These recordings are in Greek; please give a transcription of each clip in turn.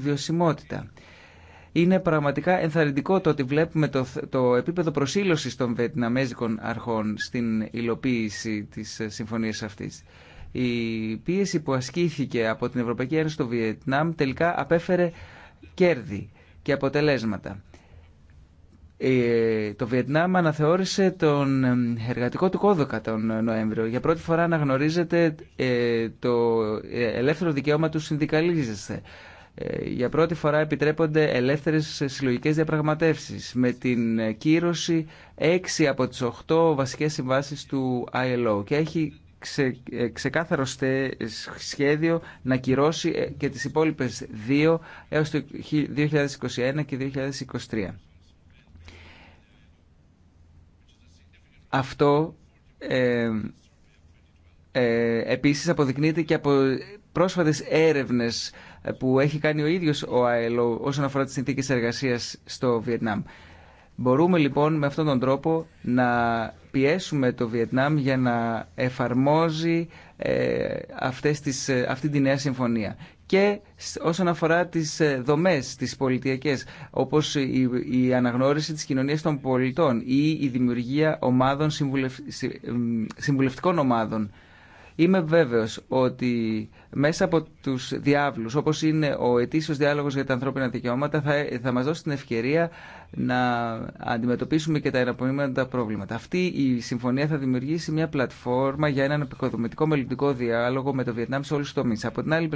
βιωσιμότητα. Είναι πραγματικά ενθαρρυντικό το ότι βλέπουμε το, το επίπεδο προσήλωσης των Βιετναμέζικων αρχών στην υλοποίηση της ε, συμφωνίας αυτής. Η πίεση που ασκήθηκε από την Ευρωπαϊκή Ένωση στο Βιετνάμ τελικά απέφερε κέρδη και αποτελέσματα. Ε, το Βιετνάμ αναθεώρησε τον ε, εργατικό του κώδικα τον Νοέμβριο. Για πρώτη φορά αναγνωρίζεται το ελεύθερο δικαίωμα του συνδικαλίζεσθε. Ε, για πρώτη φορά επιτρέπονται ελεύθερες συλλογικές διαπραγματεύσεις με την κύρωση 6 από τις 8 βασικές συμβάσεις του ILO και έχει ε, ξεκάθαρο σχέδιο να κυρώσει ε, και τις υπόλοιπες δύο έως το 2021 και 2023. Αυτό ε, ε, επίσης αποδεικνύεται και από πρόσφατες έρευνες που έχει κάνει ο ίδιος ο ΑΕΛΟ όσον αφορά τι συνθήκε εργασία στο Βιετνάμ. Μπορούμε λοιπόν με αυτόν τον τρόπο να πιέσουμε το Βιετνάμ για να εφαρμόζει ε, αυτές τις, ε, αυτή τη νέα συμφωνία. Και όσον αφορά τις ε, δομές, τις πολιτιακές, όπως η, αναγνώριση της κοινωνίας των πολιτών ή η δημιουργία ομάδων συμβουλευτικών ομάδων. Είμαι βέβαιος ότι μέσα από του διάβλου, όπω είναι ο ετήσιο διάλογο για τα ανθρώπινα δικαιώματα, θα, θα μας δώσει την ευκαιρία να αντιμετωπίσουμε και τα εναπομείνοντα προβλήματα. Αυτή η συμφωνία θα δημιουργήσει μια πλατφόρμα για έναν επικοδομητικό μελλοντικό διάλογο με το Βιετνάμ σε όλου τους τομεί. Από την άλλη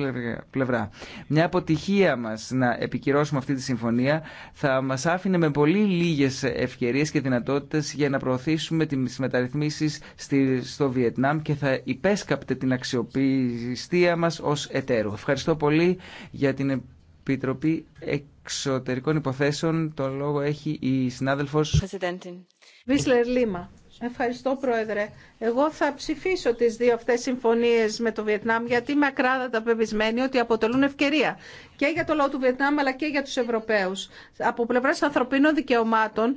πλευρά, μια αποτυχία μα να επικυρώσουμε αυτή τη συμφωνία θα μα άφηνε με πολύ λίγε ευκαιρίε και δυνατότητε για να προωθήσουμε τι μεταρρυθμίσει στο Βιετνάμ και θα υπέσκαπτε την αξιοπιστία ως εταίρου. Ευχαριστώ πολύ για την Επιτροπή Εξωτερικών Υποθέσεων. Το λόγο έχει η συνάδελφος... Βίσλερ Λίμα. Ευχαριστώ Πρόεδρε. Εγώ θα ψηφίσω τις δύο αυτές συμφωνίες με το Βιετνάμ γιατί είμαι ακράδαντα πεπισμένη ότι αποτελούν ευκαιρία και για το λαό του Βιετνάμ αλλά και για τους Ευρωπαίους. Από πλευράς ανθρωπίνων δικαιωμάτων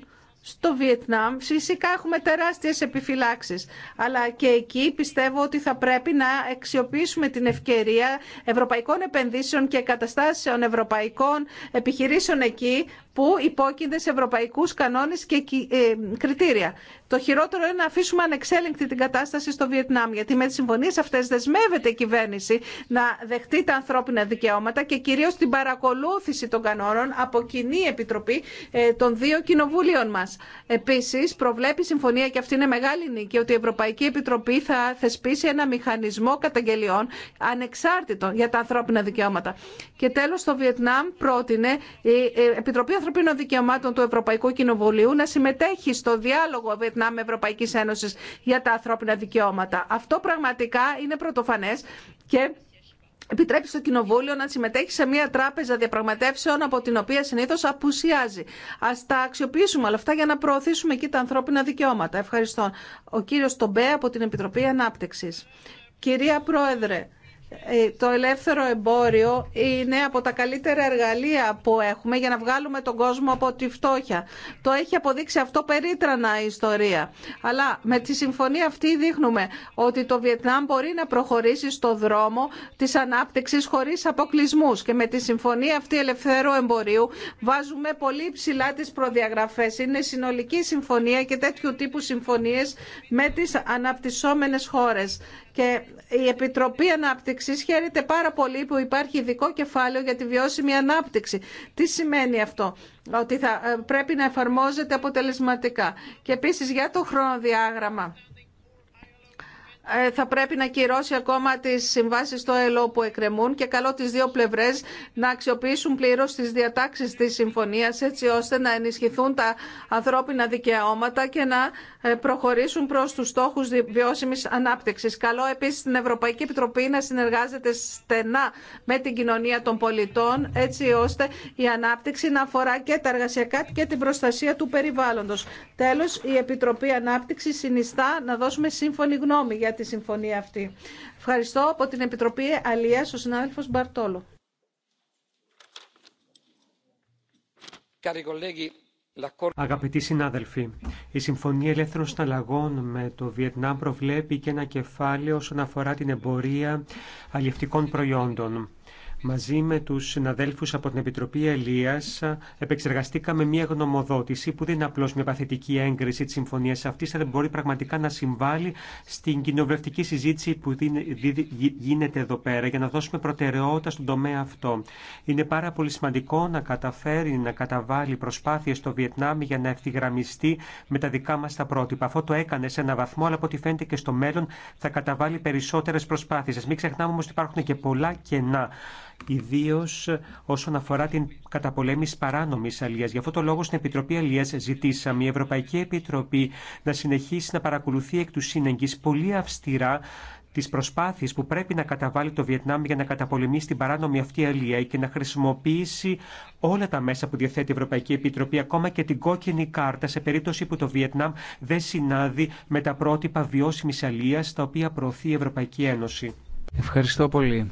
στο Βιετνάμ. Φυσικά έχουμε τεράστιες επιφυλάξεις, αλλά και εκεί πιστεύω ότι θα πρέπει να αξιοποιήσουμε την ευκαιρία ευρωπαϊκών επενδύσεων και καταστάσεων ευρωπαϊκών επιχειρήσεων εκεί που υπόκεινται σε ευρωπαϊκούς κανόνες και ε, κριτήρια. Το χειρότερο είναι να αφήσουμε ανεξέλεγκτη την κατάσταση στο Βιετνάμ, γιατί με τις συμφωνίες αυτές δεσμεύεται η κυβέρνηση να δεχτεί τα ανθρώπινα δικαιώματα και κυρίως την παρακολούθηση των κανόνων από κοινή επιτροπή ε, των δύο κοινοβουλίων μας. Επίσης, προβλέπει η συμφωνία, και αυτή είναι μεγάλη νίκη, ότι η Ευρωπαϊκή Επιτροπή θα θεσπίσει ένα μηχανισμό καταγγελιών ανεξάρτητο για τα ανθρώπινα δικαιώματα. Και τέλος, το Βιετνάμ πρότεινε η ε, Επιτροπή Ανθρωπίνων Δικαιωμάτων του Ευρωπαϊκού Κοινοβουλίου να συμμετέχει στο διάλογο Βιετνάμ Ευρωπαϊκή Ένωση για τα ανθρώπινα δικαιώματα. Αυτό πραγματικά είναι πρωτοφανέ. και επιτρέπει στο Κοινοβούλιο να συμμετέχει σε μια τράπεζα διαπραγματεύσεων από την οποία συνήθω απουσιάζει. Α τα αξιοποιήσουμε όλα αυτά για να προωθήσουμε εκεί τα ανθρώπινα δικαιώματα. Ευχαριστώ. Ο κύριο Τομπέ από την Επιτροπή Ανάπτυξη. Κυρία Πρόεδρε, ε, το ελεύθερο εμπόριο είναι από τα καλύτερα εργαλεία που έχουμε για να βγάλουμε τον κόσμο από τη φτώχεια. Το έχει αποδείξει αυτό περίτρανα η ιστορία. Αλλά με τη συμφωνία αυτή δείχνουμε ότι το Βιετνάμ μπορεί να προχωρήσει στο δρόμο της ανάπτυξης χωρίς αποκλεισμού. Και με τη συμφωνία αυτή ελευθέρου εμπορίου βάζουμε πολύ ψηλά τις προδιαγραφές. Είναι συνολική συμφωνία και τέτοιου τύπου συμφωνίες με τις αναπτυσσόμενες χώρες και η Επιτροπή Ανάπτυξη χαίρεται πάρα πολύ που υπάρχει ειδικό κεφάλαιο για τη βιώσιμη ανάπτυξη. Τι σημαίνει αυτό, ότι θα ε, πρέπει να εφαρμόζεται αποτελεσματικά. Και επίση για το χρονοδιάγραμμα. Ε, θα πρέπει να κυρώσει ακόμα τι συμβάσει στο ΕΛΟ που εκκρεμούν και καλό τι δύο πλευρέ να αξιοποιήσουν πλήρω τι διατάξει τη συμφωνία έτσι ώστε να ενισχυθούν τα ανθρώπινα δικαιώματα και να ε, προχωρήσουν προ του στόχου βιώσιμης ανάπτυξη. Καλό επίση την Ευρωπαϊκή Επιτροπή να συνεργάζεται στενά με την κοινωνία των πολιτών έτσι ώστε η ανάπτυξη να αφορά και τα εργασιακά και την προστασία του περιβάλλοντο. Τέλο, η Επιτροπή Ανάπτυξη συνιστά να δώσουμε σύμφωνη γνώμη τη συμφωνία αυτή. Ευχαριστώ από την Επιτροπή Αλίας, ο συνάδελφος Μπαρτόλο. Αγαπητοί συνάδελφοι, η Συμφωνία Ελεύθερων Συναλλαγών με το Βιετνάμ προβλέπει και ένα κεφάλαιο όσον αφορά την εμπορία αλληλευτικών προϊόντων μαζί με τους συναδέλφους από την Επιτροπή Ελίας ε, επεξεργαστήκαμε μια γνωμοδότηση που δεν είναι απλώς μια παθητική έγκριση τη συμφωνίας αυτής, αλλά μπορεί πραγματικά να συμβάλλει στην κοινοβουλευτική συζήτηση που γίνεται εδώ πέρα για να δώσουμε προτεραιότητα στον τομέα αυτό. Είναι πάρα πολύ σημαντικό να καταφέρει να καταβάλει προσπάθειες στο Βιετνάμ για να ευθυγραμμιστεί με τα δικά μας τα πρότυπα. Αυτό το έκανε σε ένα βαθμό, αλλά από ό,τι φαίνεται και στο μέλλον θα καταβάλει περισσότερες προσπάθειες. Μην ξεχνάμε όμως ότι υπάρχουν και πολλά κενά ιδίω όσον αφορά την καταπολέμηση παράνομη αλλία. Γι' αυτό το λόγο στην Επιτροπή Αλλία ζητήσαμε η Ευρωπαϊκή Επιτροπή να συνεχίσει να παρακολουθεί εκ του σύνεγγυ πολύ αυστηρά τι προσπάθειε που πρέπει να καταβάλει το Βιετνάμ για να καταπολεμήσει την παράνομη αυτή αλία και να χρησιμοποιήσει όλα τα μέσα που διαθέτει η Ευρωπαϊκή Επιτροπή, ακόμα και την κόκκινη κάρτα, σε περίπτωση που το Βιετνάμ δεν συνάδει με τα πρότυπα βιώσιμη τα οποία προωθεί η Ευρωπαϊκή Ένωση. Ευχαριστώ πολύ.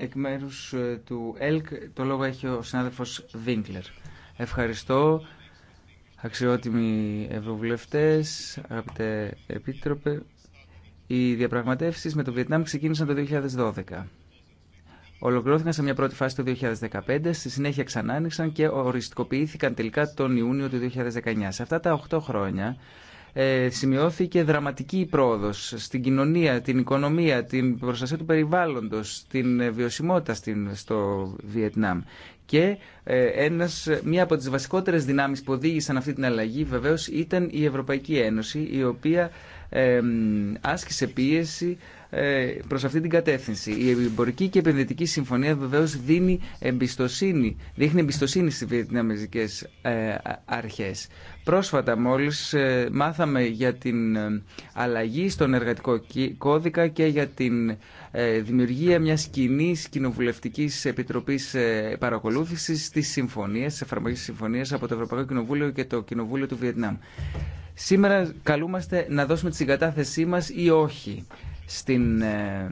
Εκ μέρους ε, του ΕΛΚ το λόγο έχει ο συνάδελφος Βίγκλερ. Ευχαριστώ. Αξιότιμοι ευρωβουλευτέ, αγαπητέ επίτροπε, οι διαπραγματεύσει με το Βιετνάμ ξεκίνησαν το 2012. Ολοκληρώθηκαν σε μια πρώτη φάση το 2015, στη συνέχεια ξανά άνοιξαν και οριστικοποιήθηκαν τελικά τον Ιούνιο του 2019. Σε αυτά τα 8 χρόνια ε, σημειώθηκε δραματική πρόοδος στην κοινωνία, την οικονομία, την προστασία του περιβάλλοντος, την ε, βιωσιμότητα στο Βιετνάμ. Και ε, ένας, μία από τις βασικότερες δυνάμεις που οδήγησαν αυτή την αλλαγή βεβαίως ήταν η Ευρωπαϊκή Ένωση, η οποία άσκησε πίεση ε, προς αυτή την κατεύθυνση. Η εμπορική και επενδυτική συμφωνία βεβαίως δίνει εμπιστοσύνη, δείχνει εμπιστοσύνη στις βιετναμεζικές ε, αρχές. Πρόσφατα μόλις ε, μάθαμε για την αλλαγή στον εργατικό κώδικα και για την δημιουργία μιας κοινή κοινοβουλευτική επιτροπής παρακολούθησης της συμφωνίας, της εφαρμογής συμφωνίας από το Ευρωπαϊκό Κοινοβούλιο και το Κοινοβούλιο του Βιετνάμ. Σήμερα καλούμαστε να δώσουμε τη συγκατάθεσή μας ή όχι στην ε,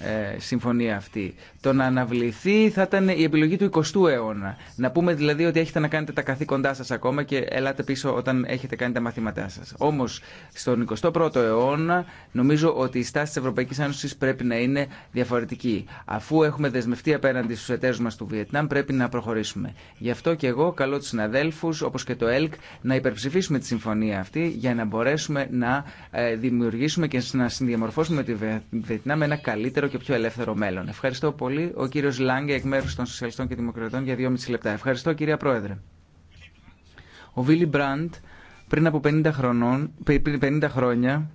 ε, συμφωνία αυτή το να αναβληθεί θα ήταν η επιλογή του 20ου αιώνα. Να πούμε δηλαδή ότι έχετε να κάνετε τα καθήκοντά σα ακόμα και ελάτε πίσω όταν έχετε κάνει τα μαθήματά σα. Όμω, στον 21ο αιώνα νομίζω ότι η στάση τη Ευρωπαϊκή Ένωση πρέπει να είναι διαφορετική. Αφού έχουμε δεσμευτεί απέναντι στου εταίρου μα του Βιετνάμ πρέπει να προχωρήσουμε. Γι' αυτό και εγώ καλώ του συναδέλφου όπω και το ΕΛΚ να υπερψηφίσουμε τη συμφωνία αυτή για να μπορέσουμε να ε, δημιουργήσουμε και να συνδιαμορφώσουμε τη Βιετνάμ ένα καλύτερο και πιο ελεύθερο μέλλον. Ευχαριστώ πολύ πολύ. Ο κύριο Λάγκε εκ μέρου των Σοσιαλιστών και Δημοκρατών για 2,5 λεπτά. Ευχαριστώ κυρία Πρόεδρε. Ο Βίλι Μπραντ πριν από 50, χρονών, 50 χρόνια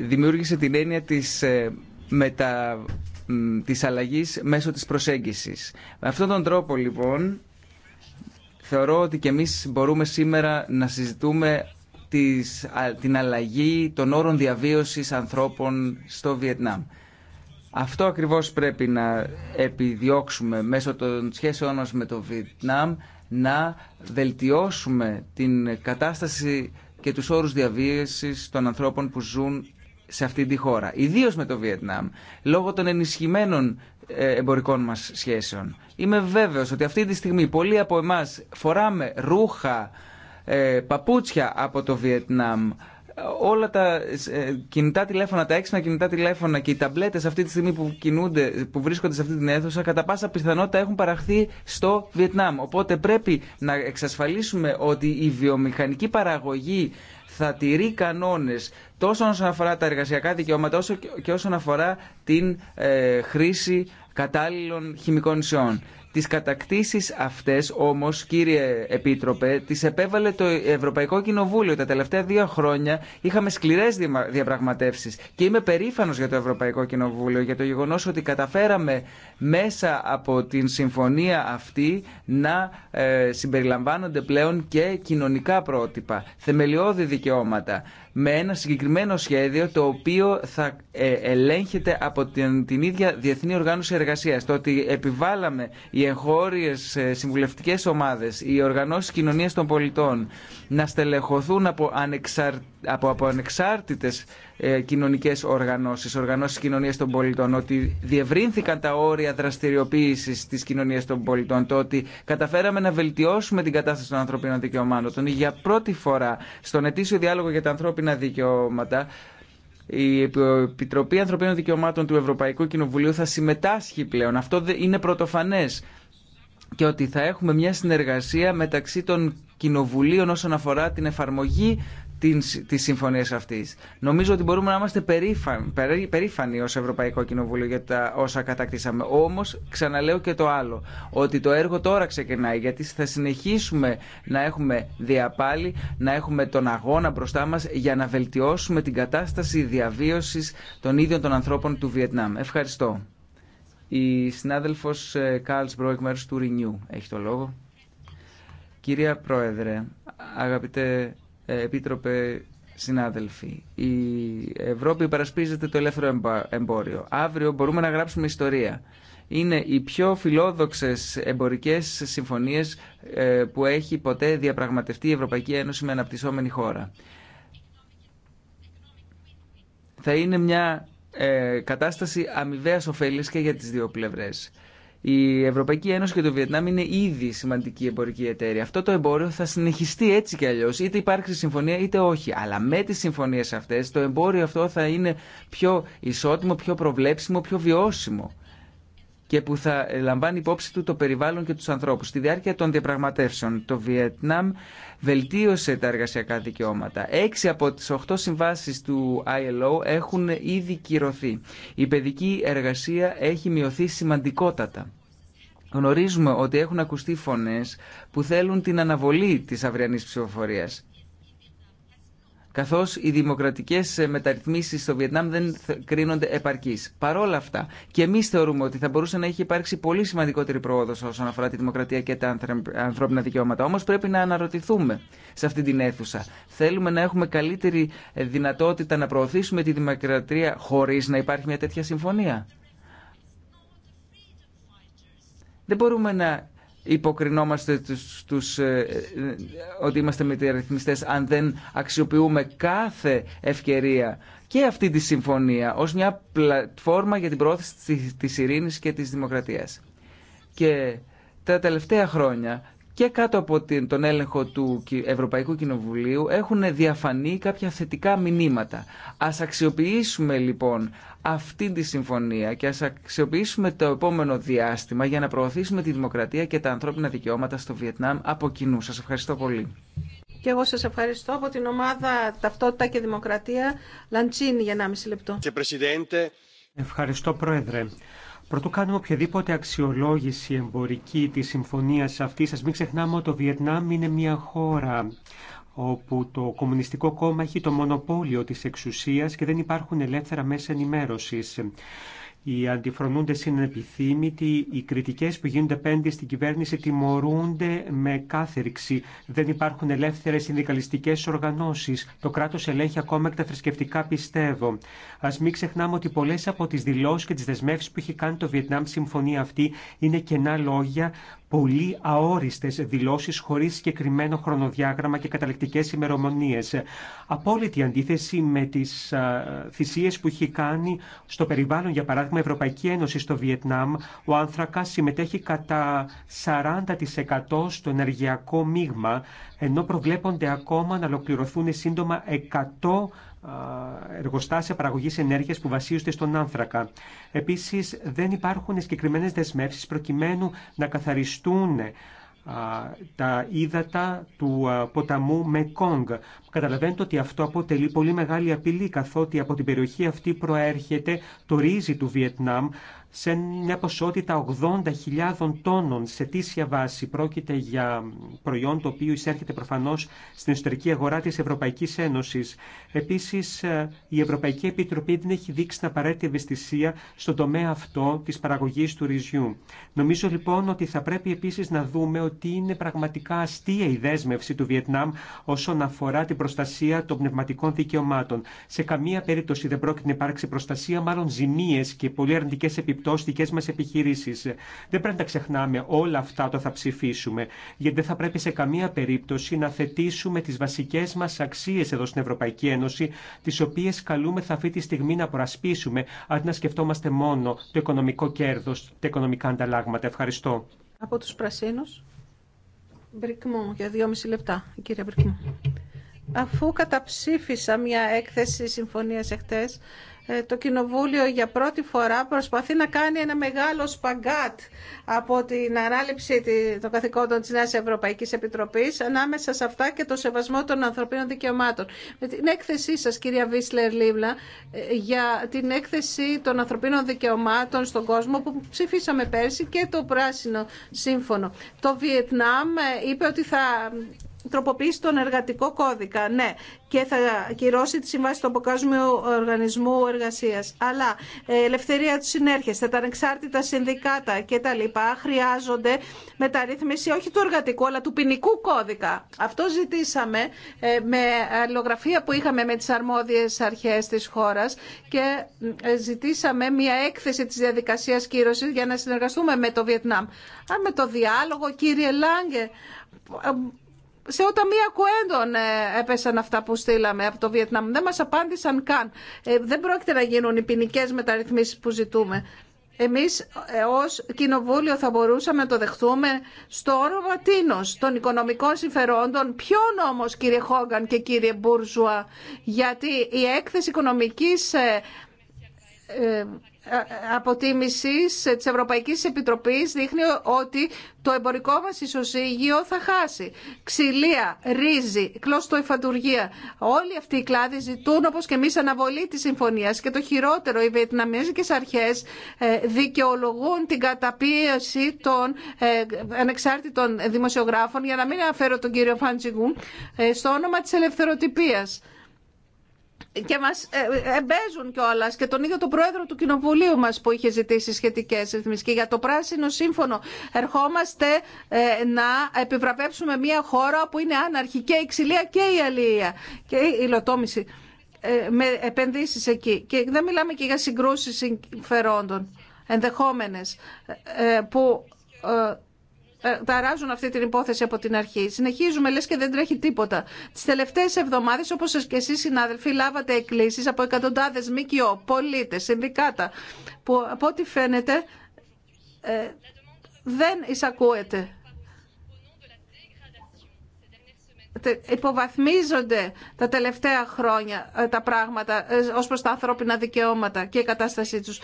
δημιούργησε την έννοια της, ε, μετα, της αλλαγής μέσω της προσέγγισης. Με αυτόν τον τρόπο λοιπόν θεωρώ ότι και εμείς μπορούμε σήμερα να συζητούμε την αλλαγή των όρων διαβίωσης ανθρώπων στο Βιετνάμ. Αυτό ακριβώς πρέπει να επιδιώξουμε μέσω των σχέσεών μας με το Βιετνάμ να βελτιώσουμε την κατάσταση και τους όρους διαβίωσης των ανθρώπων που ζουν σε αυτή τη χώρα, ιδίως με το Βιετνάμ, λόγω των ενισχυμένων ε, εμπορικών μας σχέσεων. Είμαι βέβαιος ότι αυτή τη στιγμή πολλοί από εμάς φοράμε ρούχα ε, παπούτσια από το Βιετνάμ όλα τα ε, κινητά τηλέφωνα, τα έξυπνα κινητά τηλέφωνα και οι ταμπλέτες αυτή τη στιγμή που, κινούνται, που βρίσκονται σε αυτή την αίθουσα κατά πάσα πιθανότητα έχουν παραχθεί στο Βιετνάμ. Οπότε πρέπει να εξασφαλίσουμε ότι η βιομηχανική παραγωγή θα τηρεί κανόνες τόσο όσον αφορά τα εργασιακά δικαιώματα όσο και όσον αφορά την ε, χρήση κατάλληλων χημικών νησιών. Τις κατακτήσεις αυτές όμως, κύριε Επίτροπε, τις επέβαλε το Ευρωπαϊκό Κοινοβούλιο. Τα τελευταία δύο χρόνια είχαμε σκληρές διαπραγματεύσεις και είμαι περήφανος για το Ευρωπαϊκό Κοινοβούλιο, για το γεγονός ότι καταφέραμε μέσα από την συμφωνία αυτή να ε, συμπεριλαμβάνονται πλέον και κοινωνικά πρότυπα, θεμελιώδη δικαιώματα με ένα συγκεκριμένο σχέδιο το οποίο θα ε, ελέγχεται από την, ίδια Διεθνή Οργάνωση Εργασίας. Το ότι επιβάλαμε οι εγχώριες ε, συμβουλευτικές ομάδες, οι οργανώσεις κοινωνίας των πολιτών να στελεχωθούν από, από ανεξάρτητες ε, κοινωνικέ οργανώσει, οργανώσει κοινωνία των πολιτών, ότι διευρύνθηκαν τα όρια δραστηριοποίηση τη κοινωνία των πολιτών, το ότι καταφέραμε να βελτιώσουμε την κατάσταση των ανθρωπίνων δικαιωμάτων. Για πρώτη φορά στον ετήσιο διάλογο για τα ανθρώπινα δικαιώματα η Επιτροπή Ανθρωπίνων Δικαιωμάτων του Ευρωπαϊκού Κοινοβουλίου θα συμμετάσχει πλέον. Αυτό είναι πρωτοφανέ. και ότι θα έχουμε μια συνεργασία μεταξύ των κοινοβουλίων όσον αφορά την εφαρμογή τη συμφωνία αυτή. Νομίζω ότι μπορούμε να είμαστε περήφανοι, ω Ευρωπαϊκό Κοινοβούλιο για τα όσα κατακτήσαμε. Όμω, ξαναλέω και το άλλο, ότι το έργο τώρα ξεκινάει, γιατί θα συνεχίσουμε να έχουμε διαπάλη, να έχουμε τον αγώνα μπροστά μα για να βελτιώσουμε την κατάσταση διαβίωση των ίδιων των ανθρώπων του Βιετνάμ. Ευχαριστώ. Η συνάδελφο ε, Κάλ Μπρόικ του Ρινιού, έχει το λόγο. Κυρία Πρόεδρε, αγαπητέ ε, Επίτροπε, συνάδελφοι. Η Ευρώπη υπερασπίζεται το ελεύθερο εμπόριο. Αύριο μπορούμε να γράψουμε ιστορία. Είναι οι πιο φιλόδοξες εμπορικές συμφωνίες ε, που έχει ποτέ διαπραγματευτεί η Ευρωπαϊκή Ένωση με αναπτυσσόμενη χώρα. Θα είναι μια ε, κατάσταση αμοιβαίας ωφέλης και για τις δύο πλευρές. Η Ευρωπαϊκή Ένωση και το Βιετνάμ είναι ήδη σημαντική εμπορική εταίρεια. Αυτό το εμπόριο θα συνεχιστεί έτσι κι αλλιώ, είτε υπάρξει συμφωνία είτε όχι. Αλλά με τι συμφωνίε αυτέ το εμπόριο αυτό θα είναι πιο ισότιμο, πιο προβλέψιμο, πιο βιώσιμο και που θα λαμβάνει υπόψη του το περιβάλλον και τους ανθρώπους. Στη διάρκεια των διαπραγματεύσεων το Βιετνάμ βελτίωσε τα εργασιακά δικαιώματα. Έξι από τις οχτώ συμβάσεις του ILO έχουν ήδη κυρωθεί. Η παιδική εργασία έχει μειωθεί σημαντικότατα. Γνωρίζουμε ότι έχουν ακουστεί φωνές που θέλουν την αναβολή της αυριανής ψηφοφορίας καθώς οι δημοκρατικές ε, μεταρρυθμίσεις στο Βιετνάμ δεν κρίνονται επαρκείς. Παρόλα αυτά, και εμείς θεωρούμε ότι θα μπορούσε να έχει υπάρξει πολύ σημαντικότερη πρόοδος όσον αφορά τη δημοκρατία και τα ανθρώπινα δικαιώματα. Όμως πρέπει να αναρωτηθούμε σε αυτή την αίθουσα. Θέλουμε να έχουμε καλύτερη ε, δυνατότητα να προωθήσουμε τη δημοκρατία χωρί να υπάρχει μια τέτοια συμφωνία. Δεν μπορούμε να υποκρινόμαστε τους, τους, ε, ε, ότι είμαστε μεταρρυθμιστές αν δεν αξιοποιούμε κάθε ευκαιρία και αυτή τη συμφωνία ως μια πλατφόρμα για την πρόθεση της ειρήνης και της δημοκρατίας. Και τα τελευταία χρόνια και κάτω από τον έλεγχο του Ευρωπαϊκού Κοινοβουλίου έχουν διαφανεί κάποια θετικά μηνύματα. Ας αξιοποιήσουμε λοιπόν αυτή τη συμφωνία και ας αξιοποιήσουμε το επόμενο διάστημα για να προωθήσουμε τη δημοκρατία και τα ανθρώπινα δικαιώματα στο Βιετνάμ από κοινού. Σας ευχαριστώ πολύ. Και εγώ σας ευχαριστώ από την ομάδα Ταυτότητα και Δημοκρατία Λαντσίνη για 1,5 λεπτό. Ευχαριστώ Πρόεδρε. Πρωτού κάνουμε οποιαδήποτε αξιολόγηση εμπορική της συμφωνίας αυτής, σας μην ξεχνάμε ότι το Βιετνάμ είναι μια χώρα όπου το Κομμουνιστικό Κόμμα έχει το μονοπόλιο της εξουσίας και δεν υπάρχουν ελεύθερα μέσα ενημέρωσης οι αντιφρονούντε είναι επιθύμητοι, οι κριτικέ που γίνονται πέντε στην κυβέρνηση τιμωρούνται με κάθερξη. Δεν υπάρχουν ελεύθερε συνδικαλιστικέ οργανώσει. Το κράτο ελέγχει ακόμα και τα θρησκευτικά πιστεύω. Α μην ξεχνάμε ότι πολλέ από τι δηλώσει και τι δεσμεύσει που έχει κάνει το Βιετνάμ συμφωνία αυτή είναι κενά λόγια πολύ αόριστες δηλώσεις χωρίς συγκεκριμένο χρονοδιάγραμμα και καταληκτικές ημερομονίες. Απόλυτη αντίθεση με τις θυσίε θυσίες που έχει κάνει στο περιβάλλον, για παράδειγμα, Ευρωπαϊκή Ένωση στο Βιετνάμ. Ο άνθρακας συμμετέχει κατά 40% στο ενεργειακό μείγμα, ενώ προβλέπονται ακόμα να ολοκληρωθούν σύντομα 100 εργοστάσια παραγωγής ενέργειας που βασίζονται στον άνθρακα. Επίσης δεν υπάρχουν συγκεκριμένες δεσμεύσεις προκειμένου να καθαριστούν τα ύδατα του ποταμού Μεκόγκ. Καταλαβαίνετε ότι αυτό αποτελεί πολύ μεγάλη απειλή καθότι από την περιοχή αυτή προέρχεται το ρύζι του Βιετνάμ σε μια ποσότητα 80.000 τόνων σε τήσια βάση. Πρόκειται για προϊόν το οποίο εισέρχεται προφανώς στην εσωτερική αγορά της Ευρωπαϊκής Ένωσης. Επίσης, ε, η Ευρωπαϊκή Επιτροπή δεν έχει δείξει την απαραίτητη ευαισθησία στον τομέα αυτό της παραγωγής του ρυζιού. Νομίζω λοιπόν ότι θα πρέπει επίσης να δούμε ότι είναι πραγματικά αστεία η δέσμευση του Βιετνάμ όσον αφορά την προστασία των πνευματικών δικαιωμάτων. Σε καμία περίπτωση δεν πρόκειται να υπάρξει προστασία, μάλλον ζημίες και πολύ αρνητικέ επιπτώσεις περιπτώσει δικέ μα επιχειρήσει. Δεν πρέπει να ξεχνάμε όλα αυτά όταν θα ψηφίσουμε, γιατί δεν θα πρέπει σε καμία περίπτωση να θετήσουμε τι βασικέ μα αξίε εδώ στην Ευρωπαϊκή Ένωση, τι οποίε καλούμεθα αυτή τη στιγμή να προασπίσουμε, αντί να σκεφτόμαστε μόνο το οικονομικό κέρδο, τα οικονομικά ανταλλάγματα. Ευχαριστώ. Από για λεπτά, κύριε Αφού καταψήφισα μια έκθεση συμφωνίας εχθές, ε, το Κοινοβούλιο για πρώτη φορά προσπαθεί να κάνει ένα μεγάλο σπαγκάτ από την ανάληψη των καθηκόντων της Νέας Ευρωπαϊκής Επιτροπής ανάμεσα σε αυτά και το σεβασμό των ανθρωπίνων δικαιωμάτων. Με την έκθεσή σας, κυρία Βίσλερ Λίβλα, ε, για την έκθεση των ανθρωπίνων δικαιωμάτων στον κόσμο που ψηφίσαμε πέρσι και το Πράσινο Σύμφωνο. Το Βιετνάμ ε, είπε ότι θα τροποποιήσει τον εργατικό κώδικα, ναι, και θα κυρώσει τη συμβάση του αποκασμού Οργανισμού εργασίας. Αλλά ε, ελευθερία του συνέρχεσθε, τα ανεξάρτητα συνδικάτα κτλ. χρειάζονται μεταρρύθμιση όχι του εργατικού αλλά του ποινικού κώδικα. Αυτό ζητήσαμε ε, με αλληλογραφία που είχαμε με τις αρμόδιες αρχές της χώρας και ε, ζητήσαμε μια έκθεση της διαδικασίας κύρωση για να συνεργαστούμε με το Βιετνάμ. Αν με το διάλογο, κύριε Λάγκε, σε όταν μία κουέντον ε, έπεσαν αυτά που στείλαμε από το Βιετνάμ. Δεν μας απάντησαν καν. Ε, δεν πρόκειται να γίνουν οι ποινικέ μεταρρυθμίσεις που ζητούμε. Εμείς ε, ως κοινοβούλιο θα μπορούσαμε να το δεχτούμε στο όρομα τίνος των οικονομικών συμφερόντων. Ποιον όμως κύριε Χόγκαν και κύριε Μπούρζουα, γιατί η έκθεση οικονομικής αποτίμηση τη Ευρωπαϊκή Επιτροπή δείχνει ότι το εμπορικό μας ισοζύγιο θα χάσει. Ξυλία, ρύζι, κλωστοϊφαντουργία. Όλοι αυτοί οι κλάδοι ζητούν όπω και εμεί αναβολή τη συμφωνία. και το χειρότερο οι Βιετναμέζικέ αρχές ε, δικαιολογούν την καταπίεση των ε, ανεξάρτητων δημοσιογράφων για να μην αναφέρω τον κύριο Φαντζιγκούν ε, στο όνομα τη ελευθεροτυπία και μας ε, ε, εμπέζουν κιόλα και τον ίδιο τον πρόεδρο του κοινοβουλίου μας που είχε ζητήσει σχετικές ρυθμίσει. και για το πράσινο σύμφωνο ερχόμαστε ε, να επιβραβεύσουμε μια χώρα που είναι άναρχη και η ξυλία και η αλληλεία και η υλοτόμηση με επενδύσεις εκεί και δεν μιλάμε και για συγκρούσει συμφερόντων ενδεχόμενες που ε, ταράζουν αυτή την υπόθεση από την αρχή. Συνεχίζουμε, λε και δεν τρέχει τίποτα. Τις τελευταίες εβδομάδες, όπως και εσεί συνάδελφοι, λάβατε εκκλήσει από εκατοντάδες ΜΚΟ, πολίτες, συνδικάτα, που από ό,τι φαίνεται ε, δεν εισακούεται. υποβαθμίζονται τα τελευταία χρόνια ε, τα πράγματα ως προς τα ανθρώπινα δικαιώματα και η κατάστασή τους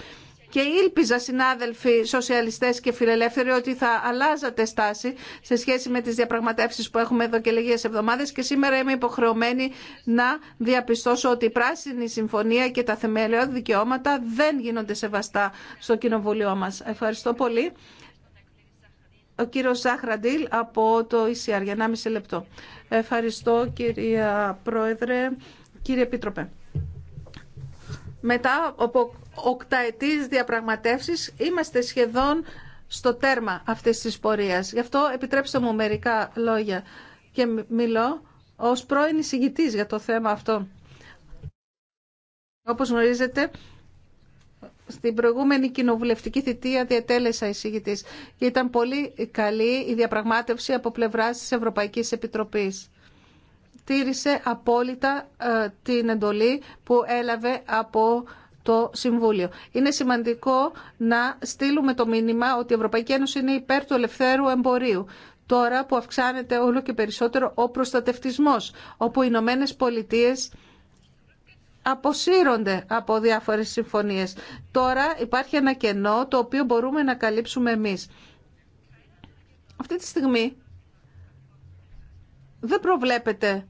και ήλπιζα συνάδελφοι σοσιαλιστές και φιλελεύθεροι ότι θα αλλάζατε στάση σε σχέση με τις διαπραγματεύσεις που έχουμε εδώ και λίγες εβδομάδες και σήμερα είμαι υποχρεωμένη να διαπιστώσω ότι η Πράσινη Συμφωνία και τα θεμελιώδη δικαιώματα δεν γίνονται σεβαστά στο Κοινοβούλιο μας. Ευχαριστώ πολύ. Ο κύριος Ζάχραντιλ από το ECR για 1,5 λεπτό. Ευχαριστώ κυρία Πρόεδρε, κύριε Επίτροπε μετά από οκταετής διαπραγματεύσεις είμαστε σχεδόν στο τέρμα αυτής της πορείας. Γι' αυτό επιτρέψτε μου μερικά λόγια και μιλώ ως πρώην εισηγητής για το θέμα αυτό. Όπως γνωρίζετε, στην προηγούμενη κοινοβουλευτική θητεία διατέλεσα εισηγητής και ήταν πολύ καλή η διαπραγμάτευση από πλευράς της Ευρωπαϊκής Επιτροπής τήρησε απόλυτα ε, την εντολή που έλαβε από το Συμβούλιο. Είναι σημαντικό να στείλουμε το μήνυμα ότι η Ευρωπαϊκή Ένωση είναι υπέρ του ελευθέρου εμπορίου. Τώρα που αυξάνεται όλο και περισσότερο ο προστατευτισμός, όπου οι Ηνωμένε Πολιτείε αποσύρονται από διάφορες συμφωνίες. Τώρα υπάρχει ένα κενό το οποίο μπορούμε να καλύψουμε εμείς. Αυτή τη στιγμή δεν προβλέπεται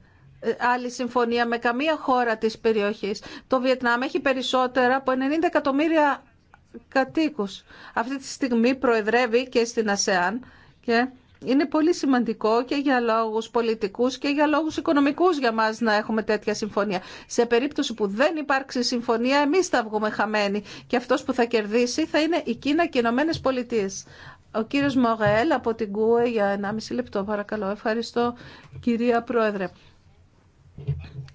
άλλη συμφωνία με καμία χώρα της περιοχής. Το Βιετνάμ έχει περισσότερα από 90 εκατομμύρια κατοίκους. Αυτή τη στιγμή προεδρεύει και στην ΑΣΕΑΝ και είναι πολύ σημαντικό και για λόγους πολιτικούς και για λόγους οικονομικούς για μας να έχουμε τέτοια συμφωνία. Σε περίπτωση που δεν υπάρξει συμφωνία, εμείς θα βγούμε χαμένοι και αυτός που θα κερδίσει θα είναι η Κίνα και οι Ηνωμένε Πολιτείε. Ο κύριος Μογαέλ από την ΚΟΕ για 1,5 λεπτό, παρακαλώ. Ευχαριστώ, κυρία Πρόεδρε.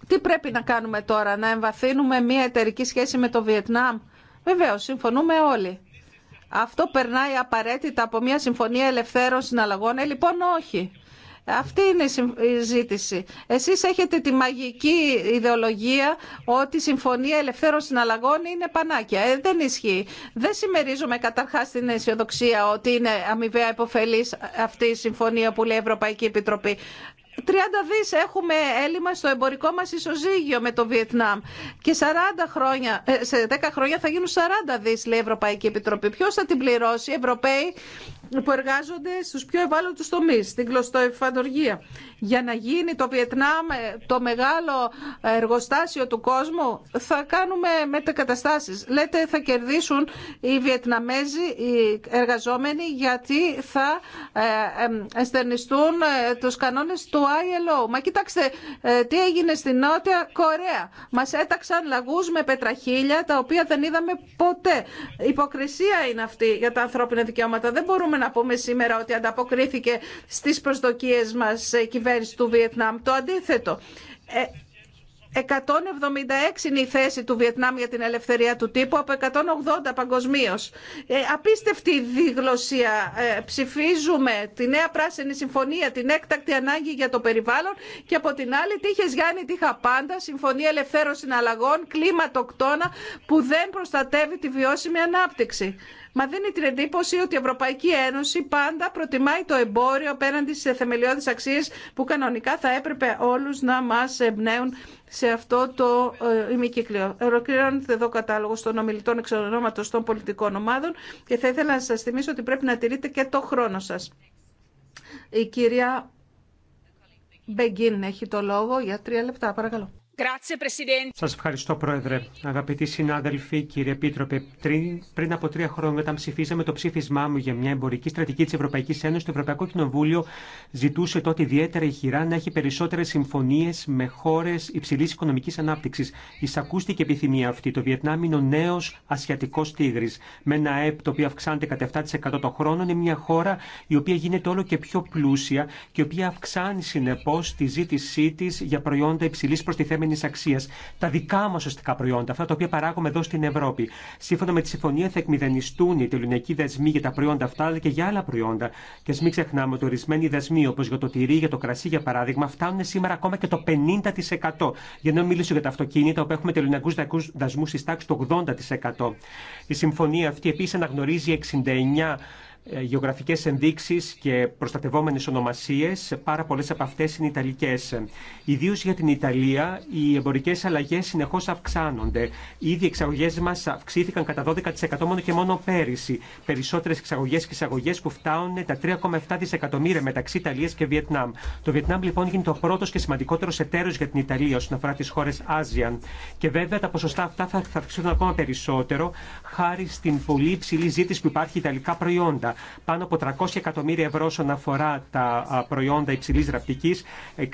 Τι πρέπει να κάνουμε τώρα, να εμβαθύνουμε μια εταιρική σχέση με το Βιετνάμ. Βεβαίως, συμφωνούμε όλοι. Αυτό περνάει απαραίτητα από μια συμφωνία ελευθέρων συναλλαγών. Ε, λοιπόν, όχι. Αυτή είναι η ζήτηση. Εσείς έχετε τη μαγική ιδεολογία ότι η Συμφωνία Ελευθέρων Συναλλαγών είναι πανάκια. Ε, δεν ισχύει. Δεν συμμερίζομαι καταρχάς την αισιοδοξία ότι είναι αμοιβαία υποφελής αυτή η συμφωνία που λέει η Ευρωπαϊκή Επιτροπή. 30 δις έχουμε έλλειμμα στο εμπορικό μας ισοζύγιο με το Βιετνάμ και 40 χρόνια, ε, σε 10 χρόνια θα γίνουν 40 δις λέει η Ευρωπαϊκή Επιτροπή. Ποιος θα την πληρώσει, οι Ευρωπαίοι που εργάζονται στους πιο ευάλωτους τομείς, στην κλωστοεφαντοργία. Για να γίνει το Βιετνάμ ε, το μεγάλο εργοστάσιο του κόσμου θα κάνουμε μετακαταστάσεις. Λέτε θα κερδίσουν οι Βιετναμέζοι οι εργαζόμενοι γιατί θα ε, εστερνιστούν τους κανόνες του ILO. Μα κοιτάξτε ε, τι έγινε στην Νότια Κορέα. Μας έταξαν λαγούς με πετραχίλια τα οποία δεν είδαμε ποτέ. Υποκρισία είναι αυτή για τα ανθρώπινα δικαιώματα. Δεν μπορούμε να πούμε σήμερα ότι ανταποκρίθηκε στις προσδοκίες μας η κυβέρνηση του Βιετνάμ. Το αντίθετο. Ε, 176 είναι η θέση του Βιετνάμ για την ελευθερία του τύπου από 180 παγκοσμίω. Ε, απίστευτη διγλωσία. Ε, ψηφίζουμε τη νέα πράσινη συμφωνία, την έκτακτη ανάγκη για το περιβάλλον και από την άλλη τύχε Γιάννη τύχα πάντα, συμφωνία Ελευθερωση συναλλαγών, τοκτόνα που δεν προστατεύει τη βιώσιμη ανάπτυξη. Μα δίνει την εντύπωση ότι η Ευρωπαϊκή Ένωση πάντα προτιμάει το εμπόριο απέναντι σε θεμελιώδεις αξίες που κανονικά θα έπρεπε όλους να μας εμπνέουν σε αυτό το ε, ημικύκλιο. Ολοκληρώνεται εδώ κατάλογο των ομιλητών εξ των πολιτικών ομάδων και θα ήθελα να σας θυμίσω ότι πρέπει να τηρείτε και το χρόνο σας. Η κυρία Μπεγκίν έχει το λόγο για τρία λεπτά. Παρακαλώ. Σα ευχαριστώ Πρόεδρε. Αγαπητοί συνάδελφοι, κύριε Επίτροπε, πριν από τρία χρόνια όταν ψηφίσαμε το ψήφισμά μου για μια εμπορική στρατηγική της Ευρωπαϊκής Ένωσης, το Ευρωπαϊκό Κοινοβούλιο ζητούσε τότε ιδιαίτερα η χειρά να έχει περισσότερες συμφωνίες με χώρε υψηλή οικονομικής ανάπτυξης. Εισακούστηκε επιθυμία αυτή. Το Βιετνάμ είναι ο νέος ασιατικός τίγρης. Με ένα ΕΠ το οποίο αυξάνεται κατά 7% το χρόνο είναι μια χώρα η οποία γίνεται όλο και πιο πλούσια και η οποία αυξάνει συνεπώς τη ζήτησή της για προϊόντα υψηλής προστιθέμενης προστιθέμενη αξία, τα δικά μα ουσιαστικά προϊόντα, αυτά τα οποία παράγουμε εδώ στην Ευρώπη. Σύμφωνα με τη συμφωνία θα εκμηδενιστούν οι τελειωνιακοί δεσμοί για τα προϊόντα αυτά, αλλά και για άλλα προϊόντα. Και α μην ξεχνάμε ότι ορισμένοι δεσμοί όπω για το τυρί, για το κρασί, για παράδειγμα, φτάνουν σήμερα ακόμα και το 50%. Για να μιλήσω για τα αυτοκίνητα, όπου έχουμε τελειωνιακού δασμού στι τάξει του 80%. Η συμφωνία αυτή επίση αναγνωρίζει 69 ε, γεωγραφικές ενδείξεις και προστατευόμενες ονομασίες. Πάρα πολλές από αυτές είναι ιταλικές. Ιδίως για την Ιταλία οι εμπορικές αλλαγές συνεχώς αυξάνονται. Ήδη οι εξαγωγές μας αυξήθηκαν κατά 12% μόνο και μόνο πέρυσι. Περισσότερες εξαγωγές και εισαγωγές που φτάνουν τα 3,7 δισεκατομμύρια μεταξύ Ιταλίας και Βιετνάμ. Το Βιετνάμ λοιπόν γίνει το πρώτος και σημαντικότερος εταίρος για την Ιταλία όσον αφορά τι χώρες Άζιαν. Και βέβαια τα ποσοστά αυτά θα αυξηθούν ακόμα περισσότερο χάρη στην πολύ υψηλή ζήτηση που υπάρχει ιταλικά προϊόντα. Πάνω από 300 εκατομμύρια ευρώ όσον αφορά τα προϊόντα υψηλής ραπτικής, 65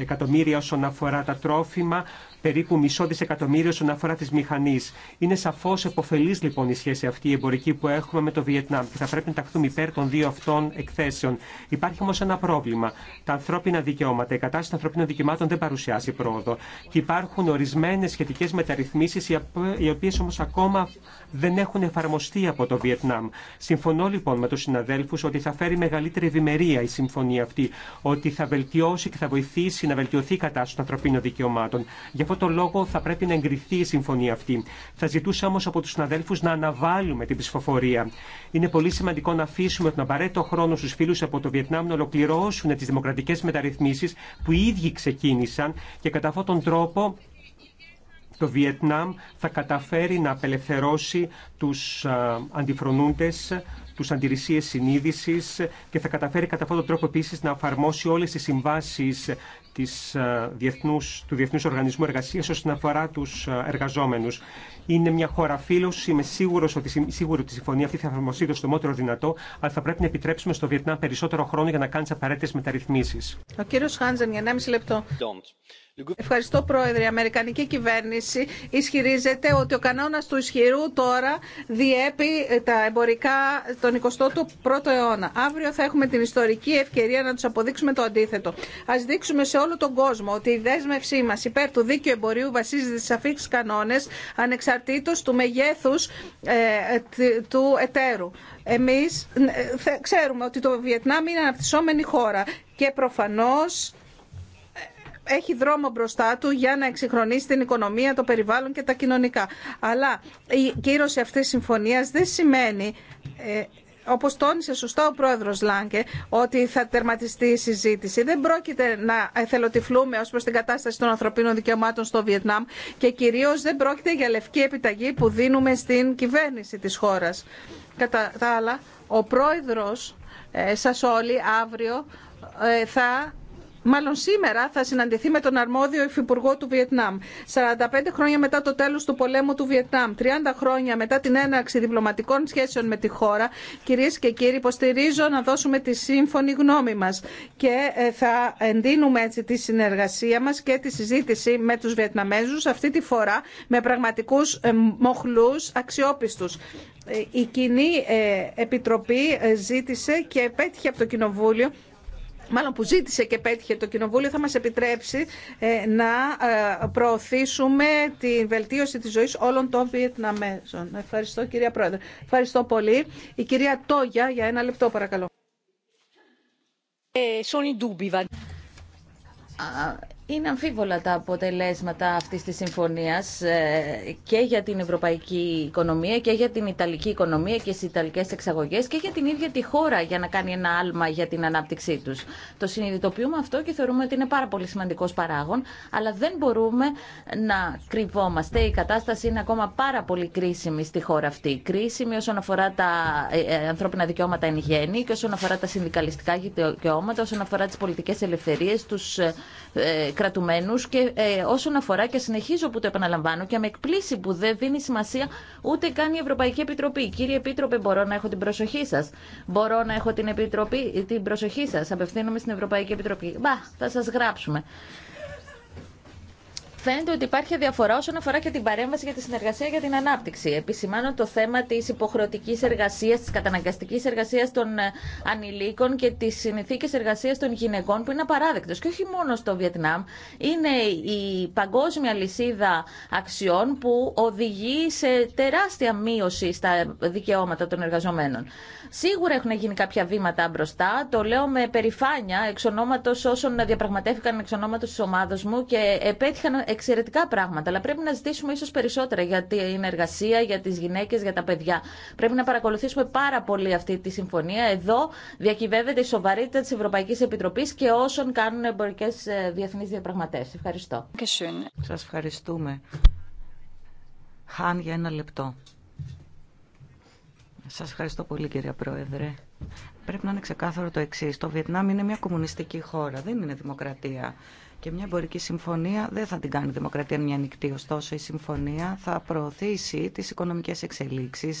εκατομμύρια όσον αφορά τα τρόφιμα, περίπου μισό δισεκατομμύριο όσον αφορά τη μηχανή. Είναι σαφώ επωφελή λοιπόν η σχέση αυτή η εμπορική που έχουμε με το Βιετνάμ και θα πρέπει να ταχθούμε υπέρ των δύο αυτών εκθέσεων. Υπάρχει όμω ένα πρόβλημα. Τα ανθρώπινα δικαιώματα, η κατάσταση των ανθρωπίνων δικαιωμάτων δεν παρουσιάζει πρόοδο. Και υπάρχουν ορισμένε σχετικέ μεταρρυθμίσει οι οποίε όμω ακόμα δεν έχουν εφαρμοστεί από το Βιετνάμ. Συμφωνώ λοιπόν με του συναδέλφου ότι θα φέρει μεγαλύτερη ευημερία η συμφωνία αυτή, ότι θα βελτιώσει και θα βοηθήσει να βελτιωθεί η κατάσταση των ανθρωπίνων δικαιωμάτων. Γι' αυτό τον λόγο θα πρέπει να εγκριθεί η συμφωνία αυτή. Θα ζητούσα όμω από του συναδέλφου να αναβάλουμε την ψηφοφορία. Είναι πολύ σημαντικό να αφήσουμε τον απαραίτητο χρόνο στου φίλου από το Βιετνάμ να ολοκληρώσουν τι δημοκρατικέ μεταρρυθμίσει που οι ίδιοι ξεκίνησαν και κατά αυτόν τον τρόπο το Βιετνάμ θα καταφέρει να απελευθερώσει τους αντιφρονούντες, τους αντιρρησίες συνείδησης και θα καταφέρει κατά αυτόν τον τρόπο επίσης να εφαρμόσει όλες τις συμβάσεις της ε, διεθνούς, του Διεθνούς Οργανισμού Εργασίας όσον αφορά τους ε, εργαζόμενους. Είναι μια χώρα φίλου. είμαι σίγουρος ότι, σίγουρο ότι η συμφωνία αυτή θα εφαρμοστεί το στομότερο δυνατό, αλλά θα πρέπει να επιτρέψουμε στο Βιετνάμ περισσότερο χρόνο για να κάνει τι απαραίτητε μεταρρυθμίσει. Ο κύριος Χάντζεν, για 1,5 λεπτό. Ευχαριστώ, Πρόεδρε. Η Αμερικανική κυβέρνηση ισχυρίζεται ότι ο κανόνα του ισχυρού τώρα διέπει τα εμπορικά τον 21ο αιώνα. Αύριο θα έχουμε την ιστορική ευκαιρία να του αποδείξουμε το αντίθετο. Α δείξουμε σε όλο τον κόσμο ότι η δέσμευσή μα υπέρ του δίκαιου εμπορίου βασίζεται σε αφήξει κανόνε ανεξαρτήτω του μεγέθου ε, του εταίρου. Εμεί ε, ξέρουμε ότι το Βιετνάμ είναι αναπτυσσόμενη χώρα και προφανώ έχει δρόμο μπροστά του για να εξυγχρονίσει την οικονομία, το περιβάλλον και τα κοινωνικά. Αλλά η κύρωση αυτής της συμφωνίας δεν σημαίνει ε, όπως τόνισε σωστά ο πρόεδρος Λάγκε, ότι θα τερματιστεί η συζήτηση. Δεν πρόκειται να εθελοτυφλούμε ως προς την κατάσταση των ανθρωπίνων δικαιωμάτων στο Βιετνάμ και κυρίως δεν πρόκειται για λευκή επιταγή που δίνουμε στην κυβέρνηση της χώρας. Κατά τα άλλα, ο πρόεδρος ε, σας όλοι αύριο ε, θα μάλλον σήμερα θα συναντηθεί με τον αρμόδιο υφυπουργό του Βιετνάμ. 45 χρόνια μετά το τέλος του πολέμου του Βιετνάμ, 30 χρόνια μετά την έναρξη διπλωματικών σχέσεων με τη χώρα, κυρίε και κύριοι, υποστηρίζω να δώσουμε τη σύμφωνη γνώμη μας και ε, θα εντείνουμε έτσι τη συνεργασία μας και τη συζήτηση με του Βιετναμέζου, αυτή τη φορά με πραγματικού ε, μοχλού αξιόπιστου. Ε, η κοινή επιτροπή ζήτησε και πέτυχε από το Κοινοβούλιο μάλλον που ζήτησε και πέτυχε το Κοινοβούλιο, θα μας επιτρέψει ε, να ε, προωθήσουμε τη βελτίωση της ζωής όλων των Βιετναμέζων. Ευχαριστώ κυρία Πρόεδρε. Ευχαριστώ πολύ. Η κυρία Τόγια, για ένα λεπτό παρακαλώ. Ε, είναι αμφίβολα τα αποτελέσματα αυτής της συμφωνίας ε, και για την ευρωπαϊκή οικονομία και για την Ιταλική οικονομία και τις Ιταλικές εξαγωγές και για την ίδια τη χώρα για να κάνει ένα άλμα για την ανάπτυξή τους. Το συνειδητοποιούμε αυτό και θεωρούμε ότι είναι πάρα πολύ σημαντικός παράγον, αλλά δεν μπορούμε να κρυβόμαστε. Η κατάσταση είναι ακόμα πάρα πολύ κρίσιμη στη χώρα αυτή. Κρίσιμη όσον αφορά τα ε, ε, ανθρώπινα δικαιώματα εν γέννη και όσον αφορά τα συνδικαλιστικά δικαιώματα, όσον αφορά τις πολιτικές ελευθερίες, τους κρατουμένους και ε, όσον αφορά και συνεχίζω που το επαναλαμβάνω και με εκπλήσει που δεν δίνει σημασία ούτε καν η Ευρωπαϊκή Επιτροπή. Κύριε Επίτροπε, μπορώ να έχω την προσοχή σας. Μπορώ να έχω την, επιτροπή, την προσοχή σας. Απευθύνομαι στην Ευρωπαϊκή Επιτροπή. Μπα, θα σας γράψουμε φαίνεται ότι υπάρχει διαφορά όσον αφορά και την παρέμβαση για τη συνεργασία για την ανάπτυξη. Επισημάνω το θέμα τη υποχρεωτική εργασία, τη καταναγκαστική εργασία των ε, ανηλίκων και τη συνθήκε εργασία των γυναικών, που είναι απαράδεκτο. Και όχι μόνο στο Βιετνάμ. Είναι η παγκόσμια λυσίδα αξιών που οδηγεί σε τεράστια μείωση στα δικαιώματα των εργαζομένων. Σίγουρα έχουν γίνει κάποια βήματα μπροστά. Το λέω με περηφάνεια εξ ονόματο όσων διαπραγματεύτηκαν εξ ονόματο τη ομάδα μου και επέτυχαν εξαιρετικά πράγματα, αλλά πρέπει να ζητήσουμε ίσω περισσότερα για την εργασία, για τι γυναίκε, για τα παιδιά. Πρέπει να παρακολουθήσουμε πάρα πολύ αυτή τη συμφωνία. Εδώ διακυβεύεται η σοβαρήτητα τη Ευρωπαϊκή Επιτροπή και όσων κάνουν εμπορικέ ε, διεθνεί διαπραγματεύσει. Ευχαριστώ. Σα ευχαριστούμε. Χάν για ένα λεπτό. Σα ευχαριστώ πολύ κυρία Πρόεδρε. Πρέπει να είναι ξεκάθαρο το εξή. Το Βιετνάμ είναι μια κομμουνιστική χώρα, δεν είναι δημοκρατία. Και μια εμπορική συμφωνία δεν θα την κάνει η δημοκρατία μια ανοιχτή. Ωστόσο, η συμφωνία θα προωθήσει τι οικονομικέ εξελίξει,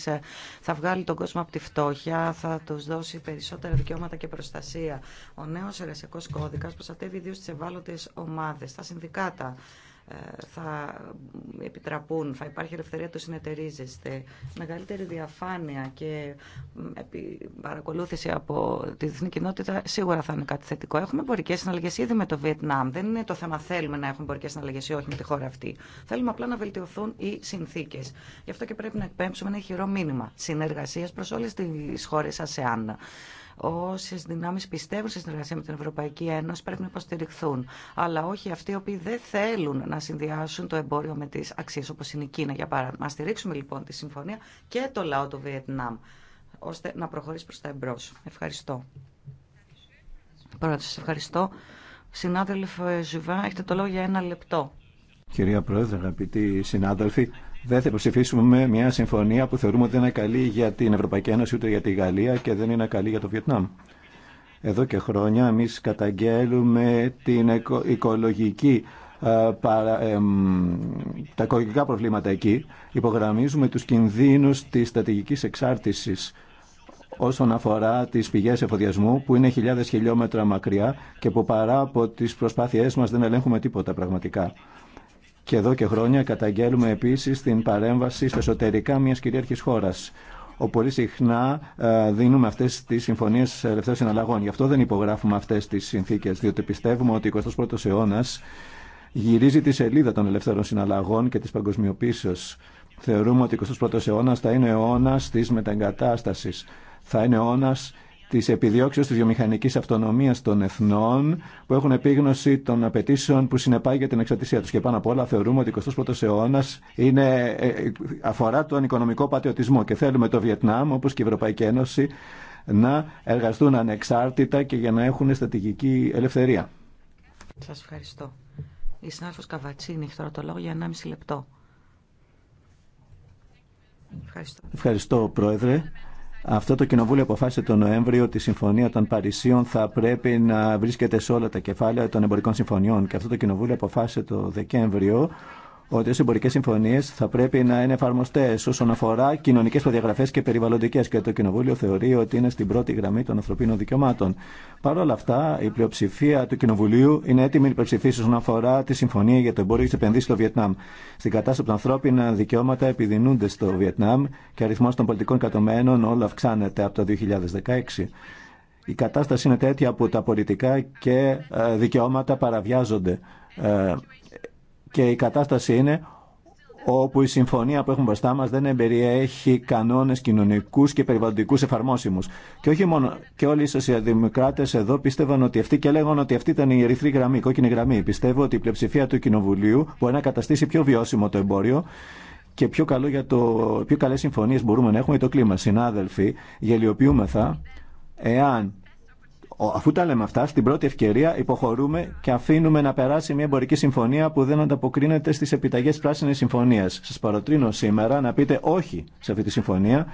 θα βγάλει τον κόσμο από τη φτώχεια, θα του δώσει περισσότερα δικαιώματα και προστασία. Ο νέο εργασιακό κώδικα προστατεύει ιδίω τι ευάλωτε ομάδε, τα συνδικάτα, θα επιτραπούν, θα υπάρχει ελευθερία του συνεταιρίζεστε, μεγαλύτερη διαφάνεια και παρακολούθηση από τη διεθνή κοινότητα σίγουρα θα είναι κάτι θετικό. Έχουμε εμπορικέ συναλλαγέ ήδη με το Βιετνάμ. Δεν είναι το θέμα θέλουμε να έχουμε εμπορικέ συναλλαγέ ή όχι με τη χώρα αυτή. Θέλουμε απλά να βελτιωθούν οι συνθήκε. Γι' αυτό και πρέπει να εκπέμψουμε ένα χειρό μήνυμα συνεργασία προ όλε τι χώρε ΑΣΕΑΝ Όσε δυνάμει πιστεύουν στη συνεργασία με την Ευρωπαϊκή Ένωση πρέπει να υποστηριχθούν. Αλλά όχι αυτοί οι οποίοι δεν θέλουν να συνδυάσουν το εμπόριο με τι αξίε, όπω είναι η Κίνα, για παράδειγμα. Α στηρίξουμε λοιπόν τη συμφωνία και το λαό του Βιετνάμ, ώστε να προχωρήσει προ τα εμπρό. Ευχαριστώ. Πρώτα, ευχαριστώ. Συνάδελφε Ζουβά, έχετε το λόγο για ένα λεπτό. Κυρία Πρόεδρε, αγαπητοί συνάδελφοι, δεν θα υποψηφίσουμε μια συμφωνία που θεωρούμε ότι δεν είναι καλή για την Ευρωπαϊκή Ένωση ούτε για τη Γαλλία και δεν είναι καλή για το Βιετνάμ. Εδώ και χρόνια εμεί καταγγέλουμε την οικολογική παρα, τα οικολογικά προβλήματα εκεί. Υπογραμμίζουμε τους κινδύνους της στρατηγικής εξάρτησης όσον αφορά τις πηγές εφοδιασμού που είναι χιλιάδες χιλιόμετρα μακριά και που παρά από τις προσπάθειές μας δεν ελέγχουμε τίποτα πραγματικά. Και εδώ και χρόνια καταγγέλουμε επίση την παρέμβαση στα εσωτερικά μια κυρίαρχης χώρα. ο πολύ συχνά ε, δίνουμε αυτέ τι συμφωνίε ελευθέρων συναλλαγών. Γι' αυτό δεν υπογράφουμε αυτέ τι συνθήκε, διότι πιστεύουμε ότι ο 21ο αιώνα γυρίζει τη σελίδα των ελευθέρων συναλλαγών και τη παγκοσμιοποίησεω. Θεωρούμε ότι ο 21ο αιώνα θα είναι ο αιώνα τη μεταγκατάσταση. Θα είναι ο αιώνα τη επιδιώξεω τη βιομηχανική αυτονομία των εθνών που έχουν επίγνωση των απαιτήσεων που για την εξαρτησία του. Και πάνω απ' όλα θεωρούμε ότι ο 21ο αιώνα ε, αφορά τον οικονομικό πατριωτισμό και θέλουμε το Βιετνάμ όπω και η Ευρωπαϊκή Ένωση να εργαστούν ανεξάρτητα και για να έχουν στρατηγική ελευθερία. Σα ευχαριστώ. Η συνάδελφο Καβατσίνη έχει τώρα το λόγο για 1,5 λεπτό. Ευχαριστώ. Ευχαριστώ, Πρόεδρε. Αυτό το κοινοβούλιο αποφάσισε τον Νοέμβριο ότι η Συμφωνία των Παρισίων θα πρέπει να βρίσκεται σε όλα τα κεφάλαια των εμπορικών συμφωνιών. Και αυτό το κοινοβούλιο αποφάσισε το Δεκέμβριο ότι οι εμπορικέ συμφωνίε θα πρέπει να είναι εφαρμοστέ όσον αφορά κοινωνικέ προδιαγραφέ και περιβαλλοντικέ. Και το Κοινοβούλιο θεωρεί ότι είναι στην πρώτη γραμμή των ανθρωπίνων δικαιωμάτων. Παρ' όλα αυτά, η πλειοψηφία του Κοινοβουλίου είναι έτοιμη να υπερψηφίσει όσον αφορά τη συμφωνία για το εμπόριο τη επενδύση στο Βιετνάμ. Στην κατάσταση τα ανθρώπινα δικαιώματα επιδεινούνται στο Βιετνάμ και αριθμό των πολιτικών κατομένων όλο αυξάνεται από το 2016. Η κατάσταση είναι τέτοια που τα πολιτικά και ε, δικαιώματα παραβιάζονται ε, και η κατάσταση είναι όπου η συμφωνία που έχουμε μπροστά μας δεν εμπεριέχει κανόνες κοινωνικούς και περιβαλλοντικούς εφαρμόσιμους. Και όχι μόνο, και όλοι οι σοσιαδημοκράτες εδώ πίστευαν ότι αυτή και λέγαν ότι αυτή ήταν η ερυθρή γραμμή, η κόκκινη γραμμή. Πιστεύω ότι η πλειοψηφία του Κοινοβουλίου μπορεί να καταστήσει πιο βιώσιμο το εμπόριο και πιο, καλό για το, πιο καλές συμφωνίες μπορούμε να έχουμε για το κλίμα. Συνάδελφοι, γελιοποιούμεθα εάν Αφού τα λέμε αυτά, στην πρώτη ευκαιρία υποχωρούμε και αφήνουμε να περάσει μια εμπορική συμφωνία που δεν ανταποκρίνεται στι επιταγέ πράσινη συμφωνία. Σα παροτρύνω σήμερα να πείτε όχι σε αυτή τη συμφωνία.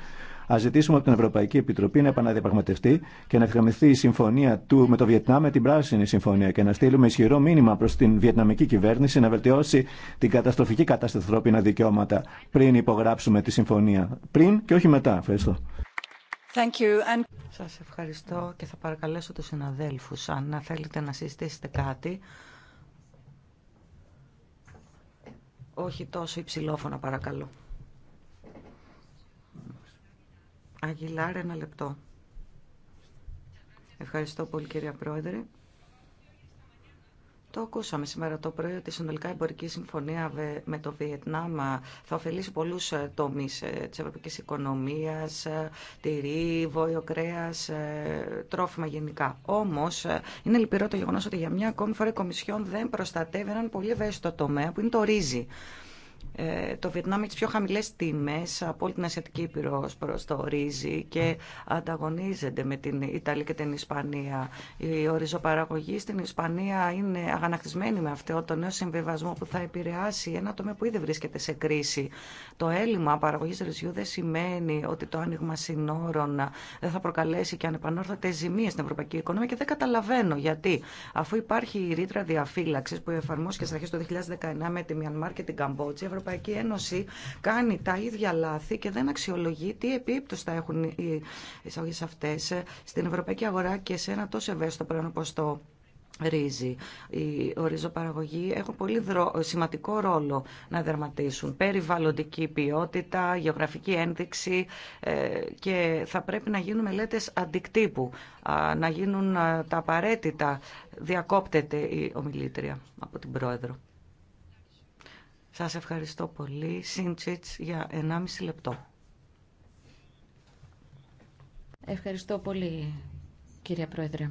Α ζητήσουμε από την Ευρωπαϊκή Επιτροπή να επαναδιαπραγματευτεί και να ευχαριστηθεί η συμφωνία του με το Βιετνάμ με την πράσινη συμφωνία και να στείλουμε ισχυρό μήνυμα προ την βιετναμική κυβέρνηση να βελτιώσει την καταστροφική κατάσταση ανθρώπινα δικαιώματα πριν υπογράψουμε τη συμφωνία. Πριν και όχι μετά. Ευχαριστώ. Thank Σας ευχαριστώ και θα παρακαλέσω τους συναδέλφους αν θέλετε να συζητήσετε κάτι. Όχι τόσο υψηλόφωνα παρακαλώ. Αγιλάρ ένα λεπτό. Ευχαριστώ πολύ κυρία Πρόεδρε. Το ακούσαμε σήμερα το πρωί ότι η συνολικά εμπορική συμφωνία με το Βιετνάμ θα ωφελήσει πολλού ε, τομεί ε, ε, τη ευρωπαϊκή οικονομία, τυρί, βόλιο κρέα, τρόφιμα γενικά. Όμω, είναι λυπηρό το γεγονό ότι για μια ακόμη φορά η Κομισιόν δεν προστατεύει έναν πολύ ευαίσθητο τομέα που είναι το ρύζι. Ε, το Βιετνάμ έχει τι πιο χαμηλέ τιμέ από όλη την Ασιατική Ήπειρο προ το ρύζι... και ανταγωνίζεται με την Ιταλία και την Ισπανία. Η οριζοπαραγωγή στην Ισπανία είναι αγανακτισμένη με αυτό το νέο συμβιβασμό που θα επηρεάσει ένα τομέα που ήδη βρίσκεται σε κρίση. Το έλλειμμα παραγωγή ρυζιού δεν σημαίνει ότι το άνοιγμα συνόρων δεν θα προκαλέσει και ανεπανόρθωτε ζημίε στην ευρωπαϊκή οικονομία και δεν καταλαβαίνω γιατί. Αφού υπάρχει η ρήτρα διαφύλαξη που εφαρμόστηκε στι αρχέ του 2019 με τη Μιανμάρ και την Καμπότζη, Ευρωπαϊκή Ένωση κάνει τα ίδια λάθη και δεν αξιολογεί τι επίπτωση θα έχουν οι εισαγωγές αυτές στην ευρωπαϊκή αγορά και σε ένα τόσο ευαίσθητο πράγμα όπως το ρύζι. Οι οριζοπαραγωγοί έχουν πολύ σημαντικό ρόλο να δερματίσουν. Περιβαλλοντική ποιότητα, γεωγραφική ένδειξη ε, και θα πρέπει να γίνουν μελέτες αντικτύπου, να γίνουν ε, τα απαραίτητα. Διακόπτεται η ομιλήτρια από την Πρόεδρο. Σας ευχαριστώ πολύ. Σύντσιτς για 1,5 λεπτό. Ευχαριστώ πολύ, κύριε Πρόεδρε.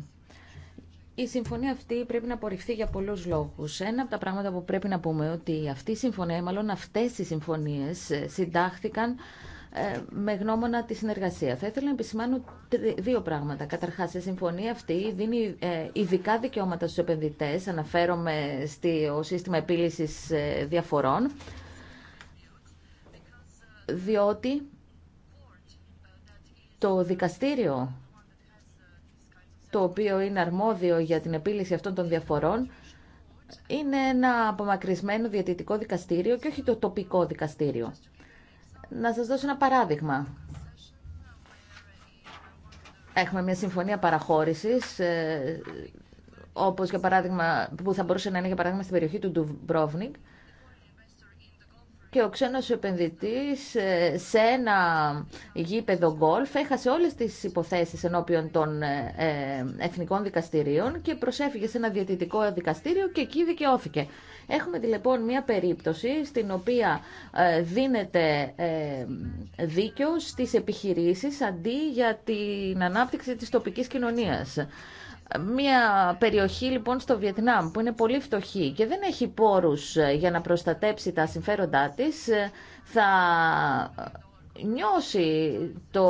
Η συμφωνία αυτή πρέπει να απορριφθεί για πολλού λόγου. Ένα από τα πράγματα που πρέπει να πούμε ότι αυτή η συμφωνία, μάλλον αυτέ οι συμφωνίε, ε, συντάχθηκαν ε, με γνώμονα τη συνεργασία. Θα ήθελα να επισημάνω δύο πράγματα. Καταρχά, η συμφωνία αυτή δίνει ε, ειδικά δικαιώματα στου επενδυτέ. Αναφέρομαι στο σύστημα επίλυση ε, διαφορών. Διότι το δικαστήριο το οποίο είναι αρμόδιο για την επίλυση αυτών των διαφορών, είναι ένα απομακρυσμένο διατητικό δικαστήριο και όχι το τοπικό δικαστήριο. Να σας δώσω ένα παράδειγμα. Έχουμε μια συμφωνία παραχώρησης, ε, όπως για παράδειγμα, που θα μπορούσε να είναι για παράδειγμα στην περιοχή του Ντουμπρόβνικ, και ο ξένος επενδυτής ε, σε ένα γήπεδο γκολφ έχασε όλες τις υποθέσεις ενώπιον των ε, ε, εθνικών δικαστηρίων και προσέφυγε σε ένα διαιτητικό δικαστήριο και εκεί δικαιώθηκε. Έχουμε λοιπόν μια περίπτωση στην οποία δίνεται δίκαιο στις επιχειρήσεις αντί για την ανάπτυξη της τοπικής κοινωνίας. Μια περιοχή λοιπόν στο Βιετνάμ που είναι πολύ φτωχή και δεν έχει πόρους ε, για να προστατέψει τα συμφέροντά της, ε, θα νιώσει το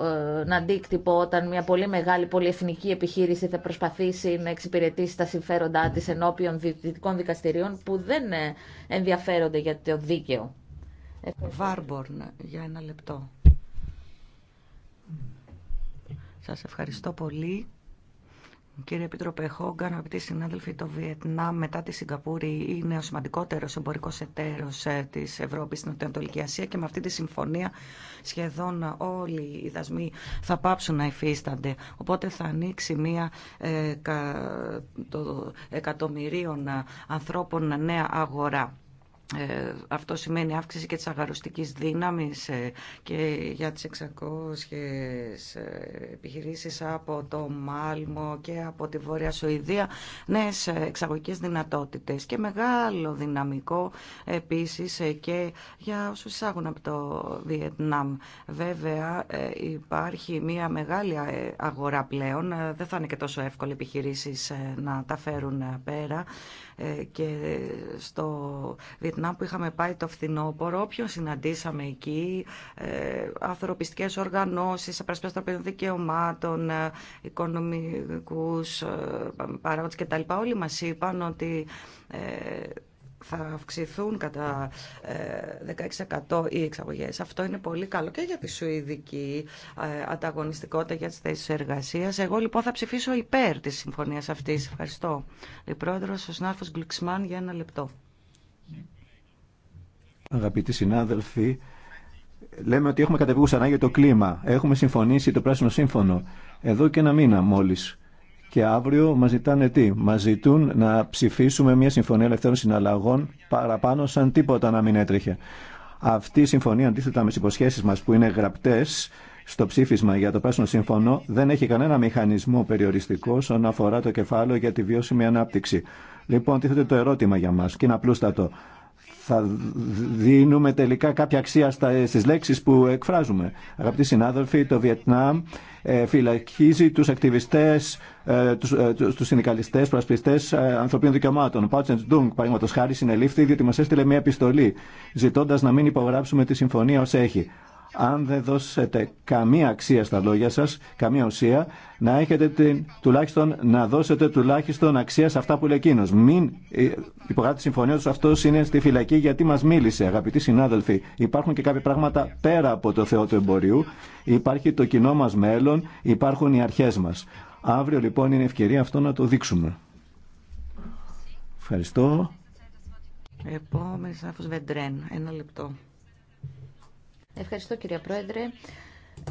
ε, αντίκτυπο όταν μια πολύ μεγάλη πολυεθνική επιχείρηση θα προσπαθήσει να εξυπηρετήσει τα συμφέροντά της ενώπιον δυτικών δικαστηρίων που δεν ε, ενδιαφέρονται για το δίκαιο. Βάρμπορν, για ένα λεπτό. Σας ευχαριστώ πολύ. Κύριε Επίτροπε Χόγκαν, αγαπητοί συνάδελφοι, το Βιετνάμ μετά τη Σιγκαπούρη είναι ο σημαντικότερο εμπορικό εταίρο ε, τη Ευρώπη στην Ανατολική Ασία και με αυτή τη συμφωνία σχεδόν όλοι οι δασμοί θα πάψουν να υφίστανται. Οπότε θα ανοίξει μία ε, εκατομμυρίων ανθρώπων νέα αγορά. Ε, αυτό σημαίνει αύξηση και της αγαροστικής δύναμης ε, και για τις 600 ε, επιχειρήσεις από το Μάλμο και από τη Βόρεια Σουηδία νέες εξαγωγικές δυνατότητες και μεγάλο δυναμικό επίσης και για όσους εισάγουν από το Βιετνάμ. Βέβαια υπάρχει μια μεγάλη αγορά πλέον, δεν θα είναι και τόσο εύκολο επιχειρήσεις να τα φέρουν πέρα ε, και στο Βιετνάμ που είχαμε πάει το φθινόπωρο, όποιον συναντήσαμε εκεί, ε, ανθρωπιστικέ οργανώσεις, απρασπέσεις των δικαιωμάτων, ε, οικονομικούς παράγοντε κτλ. Όλοι μα είπαν ότι θα αυξηθούν κατά 16% ε, οι εξαγωγές. Αυτό είναι πολύ καλό και για τη σουηδική ε, ανταγωνιστικότητα για τις θέσεις εργασίας. Εγώ λοιπόν θα ψηφίσω υπέρ της συμφωνίας αυτής. Ευχαριστώ. Η πρόεδρος, ο συνάδελφο Γκλουξμάν για ένα λεπτό. Αγαπητοί συνάδελφοι, λέμε ότι έχουμε ξανά για το κλίμα. Έχουμε συμφωνήσει το πράσινο σύμφωνο εδώ και ένα μήνα μόλις και αύριο μα ζητάνε τι. Μα ζητούν να ψηφίσουμε μια συμφωνία ελευθέρων συναλλαγών παραπάνω σαν τίποτα να μην έτρεχε. Αυτή η συμφωνία, αντίθετα με τι υποσχέσει μα που είναι γραπτέ στο ψήφισμα για το Πράσινο Σύμφωνο, δεν έχει κανένα μηχανισμό περιοριστικό όσον αφορά το κεφάλαιο για τη βιώσιμη ανάπτυξη. Λοιπόν, τίθεται το ερώτημα για μα και είναι απλούστατο θα δίνουμε τελικά κάποια αξία στις λέξεις που εκφράζουμε. Αγαπητοί συνάδελφοι, το Βιετνάμ ε, φυλακίζει τους ακτιβιστέ, ε, ε, τους, τους συνδικαλιστές, προασπιστές ανθρωπίνων δικαιωμάτων. Ο Πάτσεντ Ντούγκ, παραδείγματο χάρη, συνελήφθη διότι μας έστειλε μια επιστολή ζητώντας να μην υπογράψουμε τη συμφωνία ως έχει αν δεν δώσετε καμία αξία στα λόγια σας, καμία ουσία, να έχετε την, τουλάχιστον, να δώσετε τουλάχιστον αξία σε αυτά που λέει εκείνο. Μην ε, τη συμφωνία του, αυτό είναι στη φυλακή γιατί μα μίλησε, αγαπητοί συνάδελφοι. Υπάρχουν και κάποια πράγματα πέρα από το Θεό του εμπορίου. Υπάρχει το κοινό μα μέλλον, υπάρχουν οι αρχέ μα. Αύριο λοιπόν είναι ευκαιρία αυτό να το δείξουμε. Ευχαριστώ. Επόμενη Βεντρέν, ένα λεπτό. Ευχαριστώ κυρία Πρόεδρε.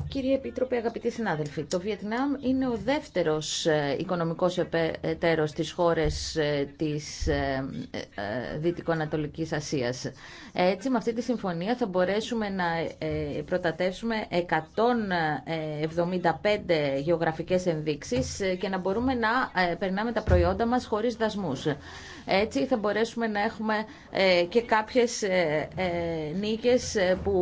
Κύριε Επίτροπε, αγαπητοί συνάδελφοι, το Βιετνάμ είναι ο δεύτερος ε, οικονομικός επέτερος της χώρες ε, της ε, Δυτικοανατολικής Ασίας. Έτσι, με αυτή τη συμφωνία θα μπορέσουμε να προτατεύσουμε 175 γεωγραφικές ενδείξεις και να μπορούμε να περνάμε τα προϊόντα μας χωρίς δασμούς. Έτσι θα μπορέσουμε να έχουμε ε, και κάποιες ε, ε, νίκες που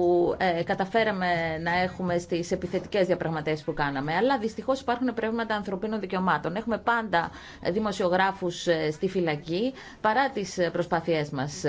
καταφέραμε να έχουμε στις επιθετικές διαπραγματεύσεις που κάναμε. Αλλά δυστυχώς υπάρχουν πράγματα ανθρωπίνων δικαιωμάτων. Έχουμε πάντα δημοσιογράφους στη φυλακή παρά τις προσπάθειές μας.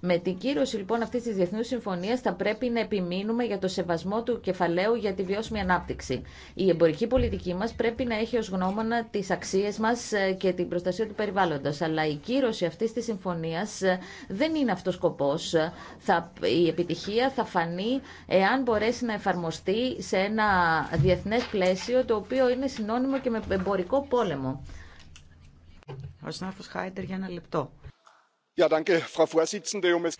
Με την κύρωση λοιπόν αυτής της Διεθνούς Συμφωνίας θα πρέπει να επιμείνουμε για το σεβασμό του κεφαλαίου για τη βιώσιμη ανάπτυξη. Η εμπορική πολιτική μας πρέπει να έχει ως γνώμονα τις αξίες μας και την προστασία του περιβάλλοντος. Αλλά η κύρωση σε αυτής της συμφωνίας ε, δεν είναι αυτός σκοπός. Θα, η επιτυχία θα φανεί εάν μπορέσει να εφαρμοστεί σε ένα διεθνές πλαίσιο το οποίο είναι συνώνυμο και με εμπορικό πόλεμο. Ο Χάιντερ για ένα λεπτό. Um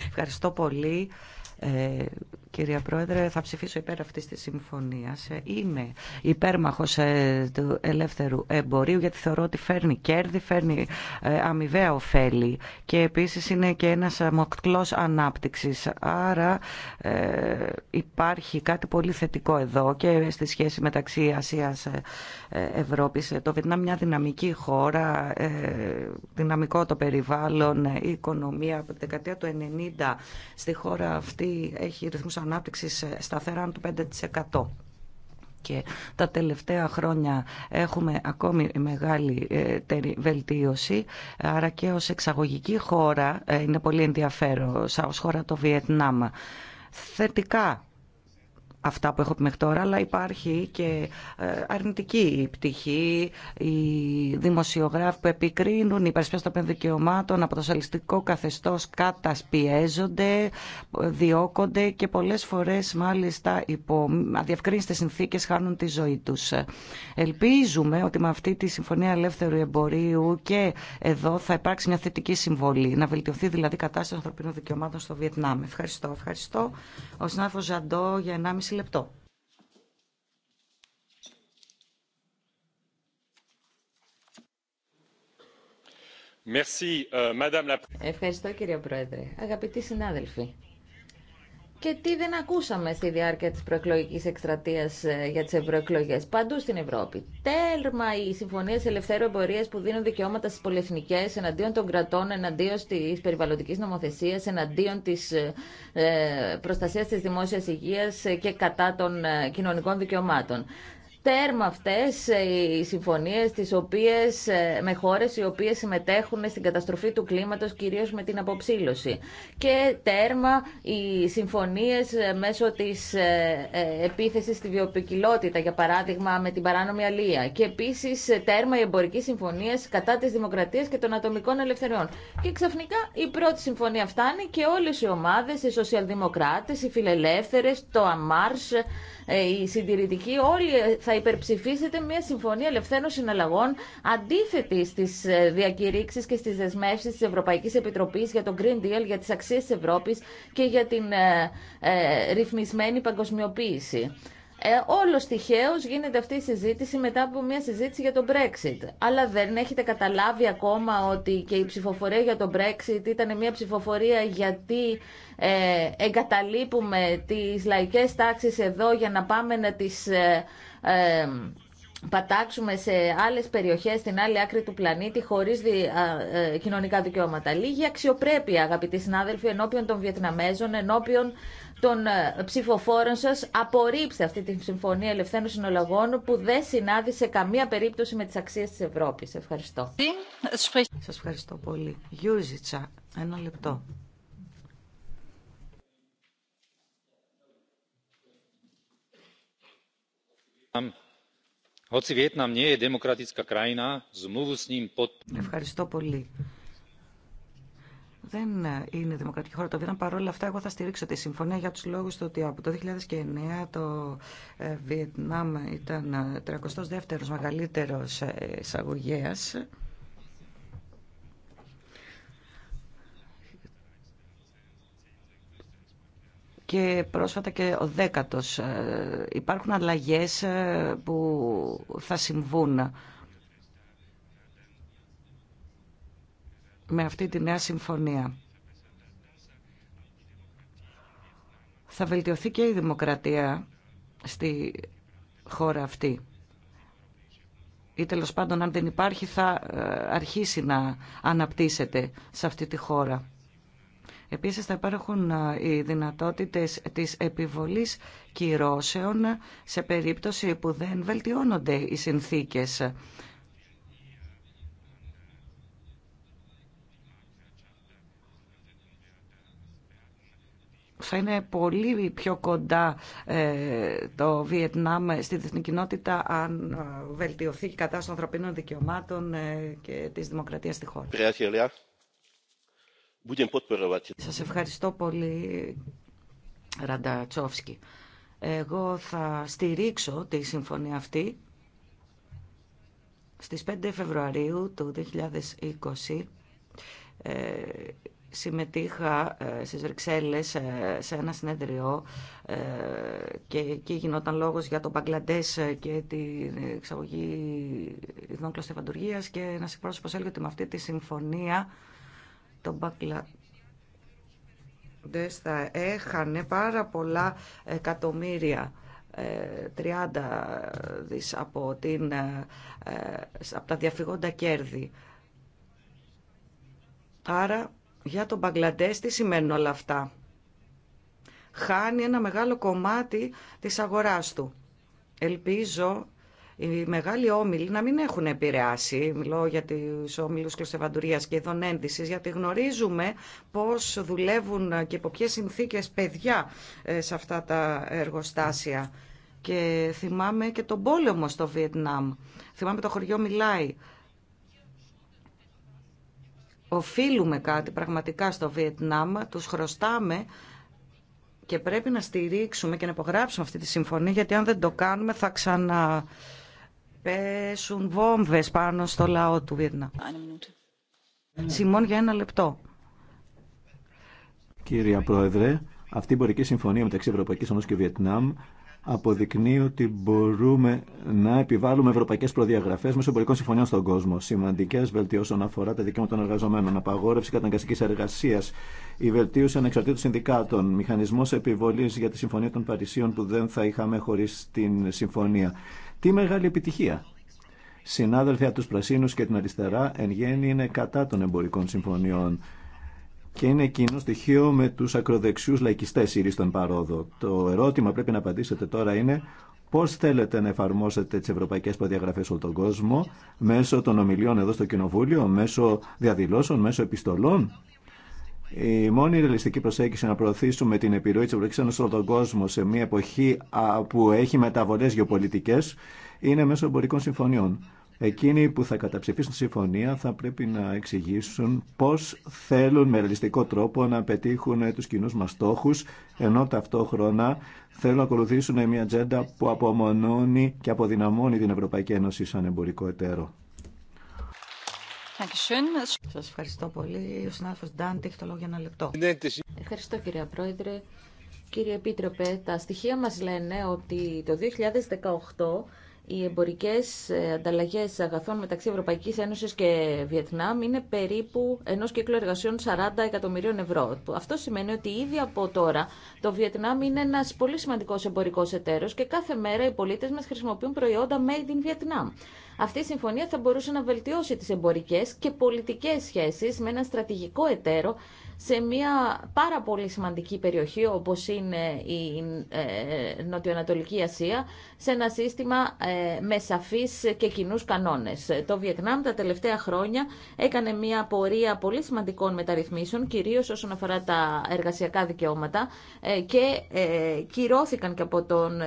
Ευχαριστώ πολύ. Ε, κυρία Πρόεδρε, θα ψηφίσω υπέρ αυτή τη συμφωνία. Ε, είμαι υπέρμαχο ε, του ελεύθερου εμπορίου, γιατί θεωρώ ότι φέρνει κέρδη, φέρνει ε, αμοιβαία ωφέλη και επίση είναι και ένα μοκτλό ανάπτυξη. Άρα ε, υπάρχει κάτι πολύ θετικό εδώ και στη σχέση μεταξύ Ασίας Ευρώπη. Το Βιετνάμ μια δυναμική χώρα, δυναμικό το περιβάλλον, η οικονομία από τη δεκαετία του 90 στη χώρα αυτή έχει ρυθμούς ανάπτυξης ε, σταθερά του 5%. Και τα τελευταία χρόνια έχουμε ακόμη μεγάλη ε, βελτίωση, άρα και ως εξαγωγική χώρα ε, είναι πολύ ενδιαφέρον, σαν ως χώρα το Βιετνάμα. Θετικά αυτά που έχω πει μέχρι τώρα, αλλά υπάρχει και ε, αρνητική πτυχή. Οι δημοσιογράφοι που επικρίνουν οι υπερασπιστέ των δικαιωμάτων από το σαλιστικό καθεστώ κατασπιέζονται, διώκονται και πολλέ φορέ μάλιστα υπό αδιευκρίνηστε συνθήκε χάνουν τη ζωή του. Ελπίζουμε ότι με αυτή τη Συμφωνία Ελεύθερου Εμπορίου και εδώ θα υπάρξει μια θετική συμβολή, να βελτιωθεί δηλαδή η κατάσταση των ανθρωπίνων δικαιωμάτων στο Βιετνάμ. Ευχαριστώ, ευχαριστώ. Ο συνάδελφο Ζαντό για 1,5 λεπτό. Euh, Ευχαριστώ κύριε Πρόεδρε. Αγαπητοί συνάδελφοι, και τι δεν ακούσαμε στη διάρκεια της προεκλογικής εκστρατείας ε, για τις ευρωεκλογέ παντού στην Ευρώπη. Τέρμα οι συμφωνίες ελευθέρω Εμπορία που δίνουν δικαιώματα στις πολυεθνικές εναντίον των κρατών, εναντίον της περιβαλλοντικής νομοθεσίας, εναντίον της ε, ε, προστασίας της δημόσιας υγείας και κατά των κοινωνικών δικαιωμάτων τέρμα αυτές ε, οι συμφωνίες τις οποίες, ε, με χώρες οι οποίες συμμετέχουν στην καταστροφή του κλίματος κυρίως με την αποψήλωση και τέρμα οι συμφωνίες ε, μέσω της επίθεσης στη βιοποικιλότητα για παράδειγμα με την παράνομη αλία και επίσης τέρμα οι εμπορικοί συμφωνίες κατά της δημοκρατίας και των ατομικών ελευθεριών και ξαφνικά η πρώτη συμφωνία φτάνει και όλες οι ομάδες, οι σοσιαλδημοκράτες, οι φιλελεύθερες, το ΑΜΑΡΣ, οι συντηρητικοί όλοι υπερψηφίσετε μια συμφωνία ελευθέρων συναλλαγών αντίθετη στι ε, διακηρύξει και στι δεσμεύσει τη Ευρωπαϊκή Επιτροπή για τον Green Deal, για τι αξίε τη Ευρώπη και για την ε, ε, ρυθμισμένη παγκοσμιοποίηση. Ε, όλο τυχαίω γίνεται αυτή η συζήτηση μετά από μια συζήτηση για τον Brexit. Αλλά δεν έχετε καταλάβει ακόμα ότι και η ψηφοφορία για τον Brexit ήταν μια ψηφοφορία γιατί ε, εγκαταλείπουμε τις λαϊκές τάξεις εδώ για να πάμε να τις πατάξουμε σε άλλες περιοχές στην άλλη άκρη του πλανήτη χωρίς δι, ε, κοινωνικά δικαιώματα. Λίγη αξιοπρέπεια, αγαπητοί συνάδελφοι, ενώπιον των Βιετναμέζων, ενώπιον των ε, ψηφοφόρων σας απορρίψτε αυτή τη συμφωνία ελευθέρων συνολογών που δεν συνάδει σε καμία περίπτωση με τις αξίες της Ευρώπης. Ευχαριστώ. Σας ευχαριστώ πολύ. Γιούζιτσα, ένα λεπτό. Ευχαριστώ πολύ. Δεν είναι δημοκρατική χώρα το Βιετνάμ. Παρ' όλα αυτά, εγώ θα στηρίξω τη συμφωνία για του λόγου του ότι από το 2009 το ε, Βιετνάμ ήταν 32ο ε, μεγαλύτερο ε, εισαγωγέα και πρόσφατα και ο δέκατος. Ε, υπάρχουν αλλαγές ε, που θα συμβούν με αυτή τη νέα συμφωνία. Θα βελτιωθεί και η δημοκρατία στη χώρα αυτή ή τέλο πάντων αν δεν υπάρχει θα ε, αρχίσει να αναπτύσσεται σε αυτή τη χώρα. Επίσης θα υπάρχουν οι δυνατότητες της επιβολής κυρώσεων σε περίπτωση που δεν βελτιώνονται οι συνθήκες. θα είναι πολύ πιο κοντά ε, το Βιετνάμ στη διεθνή κοινότητα αν βελτιωθεί η κατάσταση των ανθρωπίνων δικαιωμάτων ε, και της δημοκρατίας στη χώρα. Σας ευχαριστώ πολύ, Ραντατσόφσκι. Εγώ θα στηρίξω τη συμφωνία αυτή. Στις 5 Φεβρουαρίου του 2020 ε, συμμετείχα ε, στις Βρυξέλλες ε, σε ένα συνέδριο και εκεί γινόταν λόγος για τον Παγκλαντές και την εξαγωγή ειδών κλωστευαντουργίας και ένας εκπρόσωπος έλεγε ότι με αυτή τη συμφωνία το Μπαγκλα... θα έχανε πάρα πολλά εκατομμύρια 30 ε, δις από, την, ε, ε, από τα διαφυγόντα κέρδη. Άρα για τον Μπαγκλαντές τι σημαίνουν όλα αυτά. Χάνει ένα μεγάλο κομμάτι της αγοράς του. Ελπίζω οι μεγάλοι όμιλοι να μην έχουν επηρεάσει. Μιλώ για του όμιλου κλωστεβαντουρία και ειδών γιατί γνωρίζουμε πώ δουλεύουν και υπό ποιε συνθήκε παιδιά ε, σε αυτά τα εργοστάσια. Και θυμάμαι και τον πόλεμο στο Βιετνάμ. Θυμάμαι το χωριό Μιλάει. Οφείλουμε κάτι πραγματικά στο Βιετνάμ, τους χρωστάμε και πρέπει να στηρίξουμε και να υπογράψουμε αυτή τη συμφωνία, γιατί αν δεν το κάνουμε θα ξανά πέσουν βόμβες πάνω στο λαό του Βιετνάμ. Σιμών για ένα λεπτό. Κύριε Πρόεδρε, αυτή η εμπορική συμφωνία μεταξύ Ευρωπαϊκής Ένωσης και Βιετνάμ αποδεικνύει ότι μπορούμε να επιβάλλουμε ευρωπαϊκές προδιαγραφές μέσω εμπορικών συμφωνιών στον κόσμο. Σημαντικέ βελτιώσεις όσον αφορά τα δικαιώματα των εργαζομένων, απαγόρευση καταγκαστικής εργασία, η βελτίωση ανεξαρτήτων συνδικάτων, μηχανισμό επιβολή για τη Συμφωνία των Παρισίων που δεν θα είχαμε χωρί την συμφωνία. Τι μεγάλη επιτυχία. Συνάδελφοι από τους Πρασίνους και την Αριστερά εν γέννη είναι κατά των εμπορικών συμφωνιών και είναι κοινό στοιχείο με τους ακροδεξιούς λαϊκιστές ήρης τον παρόδο. Το ερώτημα πρέπει να απαντήσετε τώρα είναι πώς θέλετε να εφαρμόσετε τις ευρωπαϊκές προδιαγραφές όλο τον κόσμο μέσω των ομιλιών εδώ στο Κοινοβούλιο, μέσω διαδηλώσεων, μέσω επιστολών η μόνη ρεαλιστική προσέγγιση να προωθήσουμε την επιρροή τη Ευρωπαϊκή Ένωση στον κόσμο σε μια εποχή που έχει μεταβολέ γεωπολιτικέ είναι μέσω εμπορικών συμφωνιών. Εκείνοι που θα καταψηφίσουν τη συμφωνία θα πρέπει να εξηγήσουν πώ θέλουν με ρεαλιστικό τρόπο να πετύχουν του κοινού μα στόχου ενώ ταυτόχρονα θέλουν να ακολουθήσουν μια ατζέντα που απομονώνει και αποδυναμώνει την Ευρωπαϊκή Ένωση σαν εμπορικό εταίρο. Σα ευχαριστώ πολύ. Ο συνάδελφος Ντάντη έχει το λόγο για ένα λεπτό. Ναι, ευχαριστώ κύριε Πρόεδρε. Κύριε Επίτροπε, τα στοιχεία μας λένε ότι το 2018 οι εμπορικές ε, ανταλλαγές αγαθών μεταξύ Ευρωπαϊκής Ένωσης και Βιετνάμ είναι περίπου ενός κύκλου εργασιών 40 εκατομμυρίων ευρώ. Αυτό σημαίνει ότι ήδη από τώρα το Βιετνάμ είναι ένας πολύ σημαντικός εμπορικός εταίρος και κάθε μέρα οι πολίτες μας χρησιμοποιούν προϊόντα made in Vietnam. Αυτή η συμφωνία θα μπορούσε να βελτιώσει τις εμπορικές και πολιτικές σχέσεις με ένα στρατηγικό εταίρο σε μια πάρα πολύ σημαντική περιοχή όπως είναι η ε, Νοτιοανατολική Ασία σε ένα σύστημα ε, με σαφείς και κοινού κανόνες. Το Βιετνάμ τα τελευταία χρόνια έκανε μια πορεία πολύ σημαντικών μεταρρυθμίσεων κυρίως όσον αφορά τα εργασιακά δικαιώματα ε, και κυρώθηκαν και από τον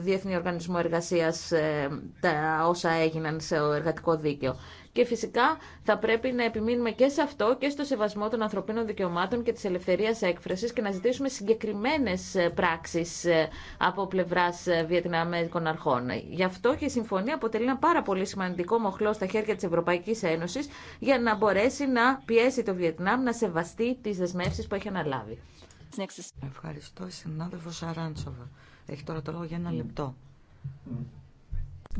Διεθνή Οργανισμό Εργασίας τα όσα έγιναν σε εργατικό δίκαιο. Και φυσικά θα πρέπει να επιμείνουμε και σε αυτό και στο σεβασμό των ανθρωπίνων δικαιωμάτων και τη ελευθερία έκφραση και να ζητήσουμε συγκεκριμένε πράξει ε, από πλευρά ε, Βιετναμέζικων αρχών. Γι' αυτό και η συμφωνία αποτελεί ένα πάρα πολύ σημαντικό μοχλό στα χέρια τη Ευρωπαϊκή Ένωση για να μπορέσει να πιέσει το Βιετνάμ να σεβαστεί τι δεσμεύσει που έχει αναλάβει. Ευχαριστώ, συνάδελφο Σαράντσοβα. Έχει τώρα το λόγο για ένα mm. λεπτό.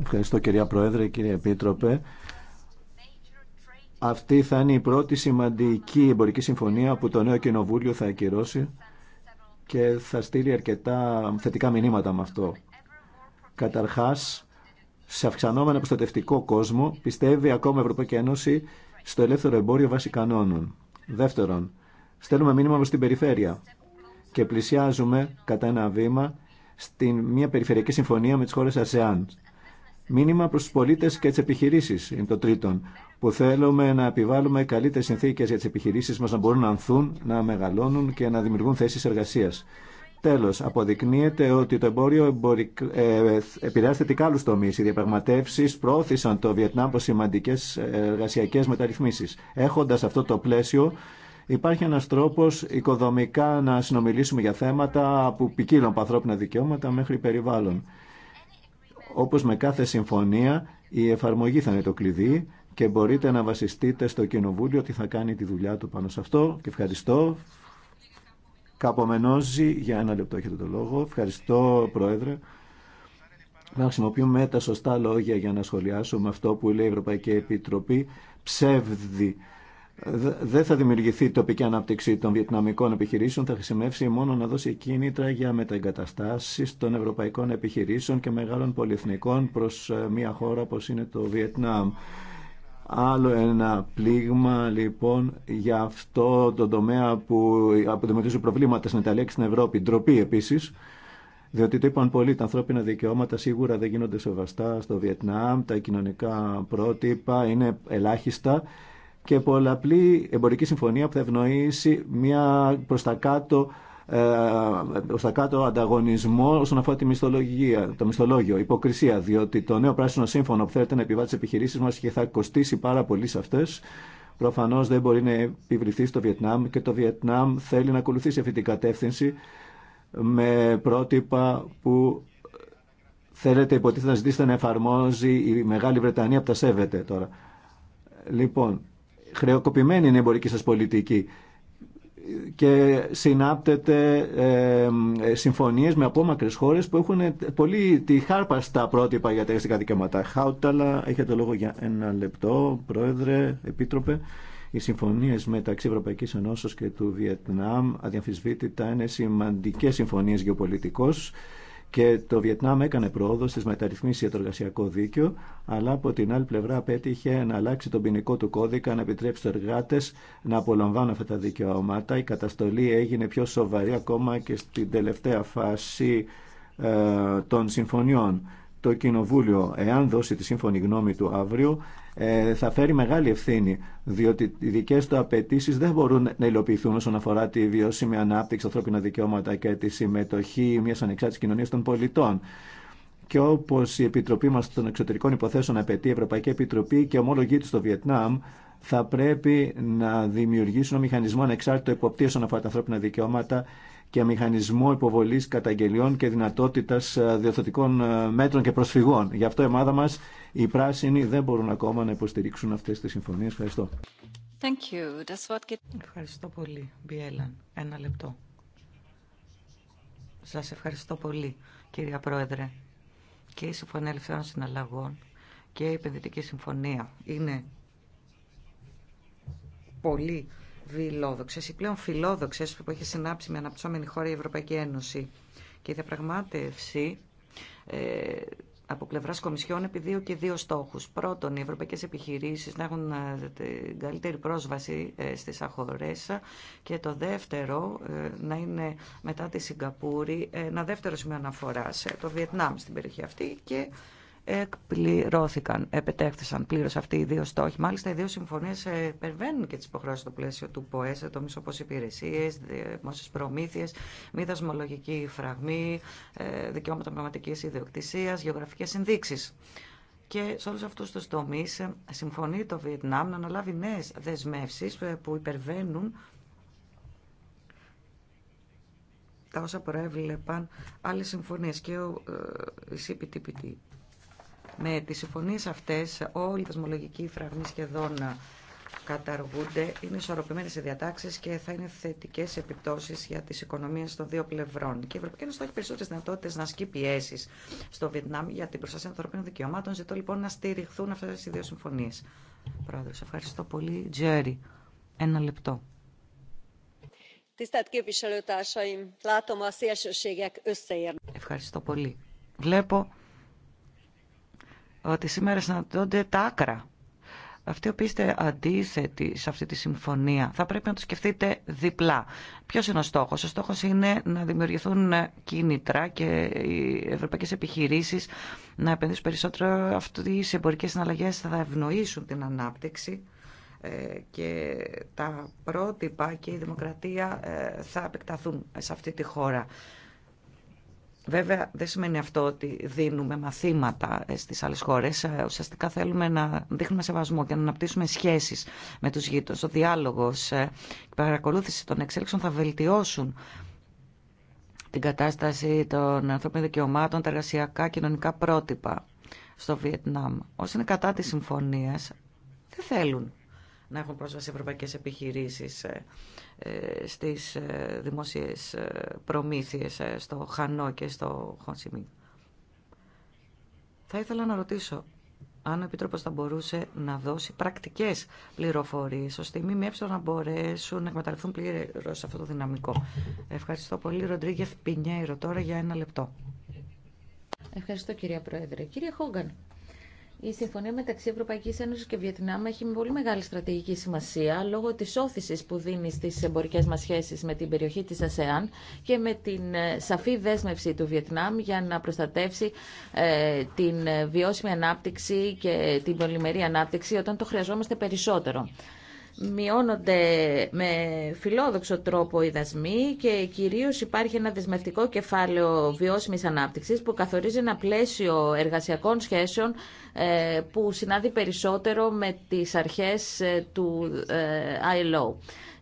Ευχαριστώ κυρία Πρόεδρε, κύριε Επίτροπε. Αυτή θα είναι η πρώτη σημαντική εμπορική συμφωνία που το νέο κοινοβούλιο θα ακυρώσει και θα στείλει αρκετά θετικά μηνύματα με αυτό. Καταρχάς, σε αυξανόμενο προστατευτικό κόσμο πιστεύει ακόμα η Ευρωπαϊκή Ένωση στο ελεύθερο εμπόριο βάσει κανόνων. Δεύτερον, στέλνουμε μήνυμα προς την περιφέρεια και πλησιάζουμε κατά ένα βήμα στην μια περιφερειακή συμφωνία με τις χώρες ΑΣΕΑΝ. Μήνυμα προ του πολίτε και τι επιχειρήσει είναι το τρίτον, που θέλουμε να επιβάλλουμε καλύτερε συνθήκε για τι επιχειρήσει μα να μπορούν να ανθούν, να μεγαλώνουν και να δημιουργούν θέσει εργασία. Τέλο, αποδεικνύεται ότι το εμπόριο ε, επηρεάζει θετικά άλλου τομεί. Οι διαπραγματεύσει προώθησαν το Βιετνάμ προ σημαντικέ εργασιακέ μεταρρυθμίσει. Έχοντα αυτό το πλαίσιο, υπάρχει ένα τρόπο οικοδομικά να συνομιλήσουμε για θέματα που ποικίλουν από ανθρώπινα δικαιώματα μέχρι περιβάλλον. Όπως με κάθε συμφωνία, η εφαρμογή θα είναι το κλειδί και μπορείτε να βασιστείτε στο Κοινοβούλιο ότι θα κάνει τη δουλειά του πάνω σε αυτό. Και ευχαριστώ. Καπομενόζη, για ένα λεπτό έχετε το λόγο. Ευχαριστώ, Πρόεδρε. Να χρησιμοποιούμε τα σωστά λόγια για να σχολιάσουμε αυτό που λέει η Ευρωπαϊκή Επιτροπή. Ψεύδι δεν θα δημιουργηθεί τοπική ανάπτυξη των βιετναμικών επιχειρήσεων, θα χρησιμεύσει μόνο να δώσει κίνητρα για μεταγκαταστάσεις των ευρωπαϊκών επιχειρήσεων και μεγάλων πολυεθνικών προς ε, μια χώρα όπως είναι το Βιετνάμ. Άλλο ένα πλήγμα λοιπόν για αυτό το τομέα που αποδημιουργήσει προβλήματα στην Ιταλία και στην Ευρώπη. Ντροπή επίσης. Διότι το είπαν πολλοί, τα ανθρώπινα δικαιώματα σίγουρα δεν γίνονται σεβαστά στο Βιετνάμ, τα κοινωνικά πρότυπα είναι ελάχιστα και πολλαπλή εμπορική συμφωνία που θα ευνοήσει μια προς τα κάτω ε, κάτω ανταγωνισμό όσον αφορά το μισθολόγιο, υποκρισία, διότι το νέο πράσινο σύμφωνο που θέλετε να επιβάλλει τι επιχειρήσει μα και θα κοστίσει πάρα πολύ σε αυτέ, προφανώ δεν μπορεί να επιβληθεί στο Βιετνάμ και το Βιετνάμ θέλει να ακολουθήσει αυτή την κατεύθυνση με πρότυπα που θέλετε υποτίθεται να ζητήσετε να εφαρμόζει η Μεγάλη Βρετανία που τα σέβεται τώρα. Λοιπόν, χρεοκοπημένη είναι η εμπορική σας πολιτική και συνάπτεται ε, συμφωνίες με απόμακρες χώρες που έχουν ε, πολύ τη χάρπα στα πρότυπα για τα εργαστικά δικαιώματα. Χάουταλα, έχετε λόγο για ένα λεπτό, Πρόεδρε, Επίτροπε. Οι συμφωνίε μεταξύ Ευρωπαϊκή Ενώσεω και του Βιετνάμ αδιαμφισβήτητα είναι σημαντικέ συμφωνίε γεωπολιτικώ και το Βιετνάμ έκανε πρόοδο στι μεταρρυθμίσει για το εργασιακό δίκαιο, αλλά από την άλλη πλευρά πέτυχε να αλλάξει τον ποινικό του κώδικα, να επιτρέψει στου εργάτε να απολαμβάνουν αυτά τα δικαιώματα. Η καταστολή έγινε πιο σοβαρή ακόμα και στην τελευταία φάση ε, των συμφωνιών το Κοινοβούλιο, εάν δώσει τη σύμφωνη γνώμη του αύριο, ε, θα φέρει μεγάλη ευθύνη, διότι οι δικέ του απαιτήσει δεν μπορούν να υλοποιηθούν όσον αφορά τη βιώσιμη ανάπτυξη, ανθρώπινα δικαιώματα και τη συμμετοχή μια ανεξάρτητη κοινωνία των πολιτών. Και όπω η Επιτροπή μα των Εξωτερικών Υποθέσεων απαιτεί, η Ευρωπαϊκή Επιτροπή και ομολογή του στο Βιετνάμ, θα πρέπει να δημιουργήσουν ένα μηχανισμό ανεξάρτητο εποπτεία όσον αφορά τα ανθρώπινα δικαιώματα και μηχανισμό υποβολή καταγγελιών και δυνατότητα ε, διορθωτικών ε, μέτρων και προσφυγών. Γι' αυτό η ομάδα μα οι πράσινοι, δεν μπορούν ακόμα να υποστηρίξουν αυτές τις συμφωνίες. Ευχαριστώ. Thank you. Ευχαριστώ πολύ, Μπιέλαν. Ένα λεπτό. Σας ευχαριστώ πολύ, κυρία Πρόεδρε. Και η Συμφωνία Ελευθερών Συναλλαγών και η Επενδυτική Συμφωνία είναι πολύ φιλόδοξε, οι πλέον φιλόδοξε που έχει συνάψει με αναπτυσσόμενη χώρα η Ευρωπαϊκή Ένωση. Και η διαπραγμάτευση ε, από πλευρά Κομισιόν επί δύο και δύο στόχου. Πρώτον, οι ευρωπαϊκέ επιχειρήσει να έχουν ε, την καλύτερη πρόσβαση ε, στι αγορέ. Και το δεύτερο, ε, να είναι μετά τη Σιγκαπούρη, ένα δεύτερο σημείο αναφορά, το Βιετνάμ στην περιοχή αυτή. Και εκπληρώθηκαν, επετέχθησαν πλήρω αυτοί οι δύο στόχοι. Μάλιστα, οι δύο συμφωνίε ε, υπερβαίνουν και τι υποχρεώσει στο πλαίσιο του ΠΟΕΣ, το τομεί όπω υπηρεσίε, δημόσιε προμήθειε, μη δασμολογική φραγμή, ε, δικαιώματα πνευματική ιδιοκτησία, γεωγραφικέ συνδείξει. Και σε όλου αυτού του τομεί ε, συμφωνεί το Βιετνάμ να αναλάβει νέε δεσμεύσει που υπερβαίνουν τα όσα προέβλεπαν άλλες συμφωνίες και ο, ε, η CPTPT. Με τις συμφωνίες αυτές όλοι οι θεσμολογικοί φραγμοί σχεδόν καταργούνται, είναι ισορροπημένε οι διατάξει και θα είναι θετικέ επιπτώσει για τι οικονομίε των δύο πλευρών. Και η Ευρωπαϊκή Ένωση θα έχει περισσότερε δυνατότητε να ασκεί πιέσει στο Βιετνάμ για την προστασία των ανθρωπίνων δικαιωμάτων. Ζητώ λοιπόν να στηριχθούν αυτέ οι δύο συμφωνίε. Πρόεδρο, ευχαριστώ πολύ. Τζέρι, ένα λεπτό. Ευχαριστώ πολύ. Βλέπω ότι σήμερα συναντώνται τα άκρα. Αυτοί που είστε αντίθετοι σε αυτή τη συμφωνία θα πρέπει να το σκεφτείτε διπλά. Ποιο είναι ο στόχο, Ο στόχο είναι να δημιουργηθούν κίνητρα και οι ευρωπαϊκέ επιχειρήσει να επενδύσουν περισσότερο. Αυτέ οι εμπορικέ συναλλαγέ θα ευνοήσουν την ανάπτυξη ε, και τα πρότυπα και η δημοκρατία ε, θα επεκταθούν σε αυτή τη χώρα. Βέβαια δεν σημαίνει αυτό ότι δίνουμε μαθήματα ε, στις άλλε χώρε. Ε, ουσιαστικά θέλουμε να δείχνουμε σεβασμό και να αναπτύσσουμε σχέσεις με τους γείτονε. Ο διάλογος, ε, η παρακολούθηση των εξέλιξεων θα βελτιώσουν την κατάσταση των ανθρώπινων δικαιωμάτων, τα εργασιακά κοινωνικά πρότυπα στο Βιετνάμ. Όσοι είναι κατά τη συμφωνία, δεν θέλουν να έχουν πρόσβαση ευρωπαϊκές επιχειρήσεις ε, ε, στις ε, δημόσιες προμήθειες στο Χανό και στο Χονσιμί. Θα ήθελα να ρωτήσω αν ο Επίτροπος θα μπορούσε να δώσει πρακτικές πληροφορίες, ώστε οι ΜΜΕ να μπορέσουν να εκμεταλλευτούν πλήρω αυτό το δυναμικό. Ευχαριστώ πολύ. Ροντρίγκεφ Πινιέρο τώρα για ένα λεπτό. Ευχαριστώ κυρία Πρόεδρε. Κύριε Χόγκαν, η συμφωνία μεταξύ Ευρωπαϊκή Ένωση και Βιετνάμ έχει πολύ μεγάλη στρατηγική σημασία λόγω τη όθηση που δίνει στι εμπορικέ μα σχέσει με την περιοχή τη ΑΣΕΑΝ και με την ε, σαφή δέσμευση του Βιετνάμ για να προστατεύσει ε, την βιώσιμη ανάπτυξη και την πολυμερή ανάπτυξη όταν το χρειαζόμαστε περισσότερο μειώνονται με φιλόδοξο τρόπο οι δασμοί και κυρίως υπάρχει ένα δεσμευτικό κεφάλαιο βιώσιμης ανάπτυξης που καθορίζει ένα πλαίσιο εργασιακών σχέσεων ε, που συνάδει περισσότερο με τις αρχές ε, του ε, ILO.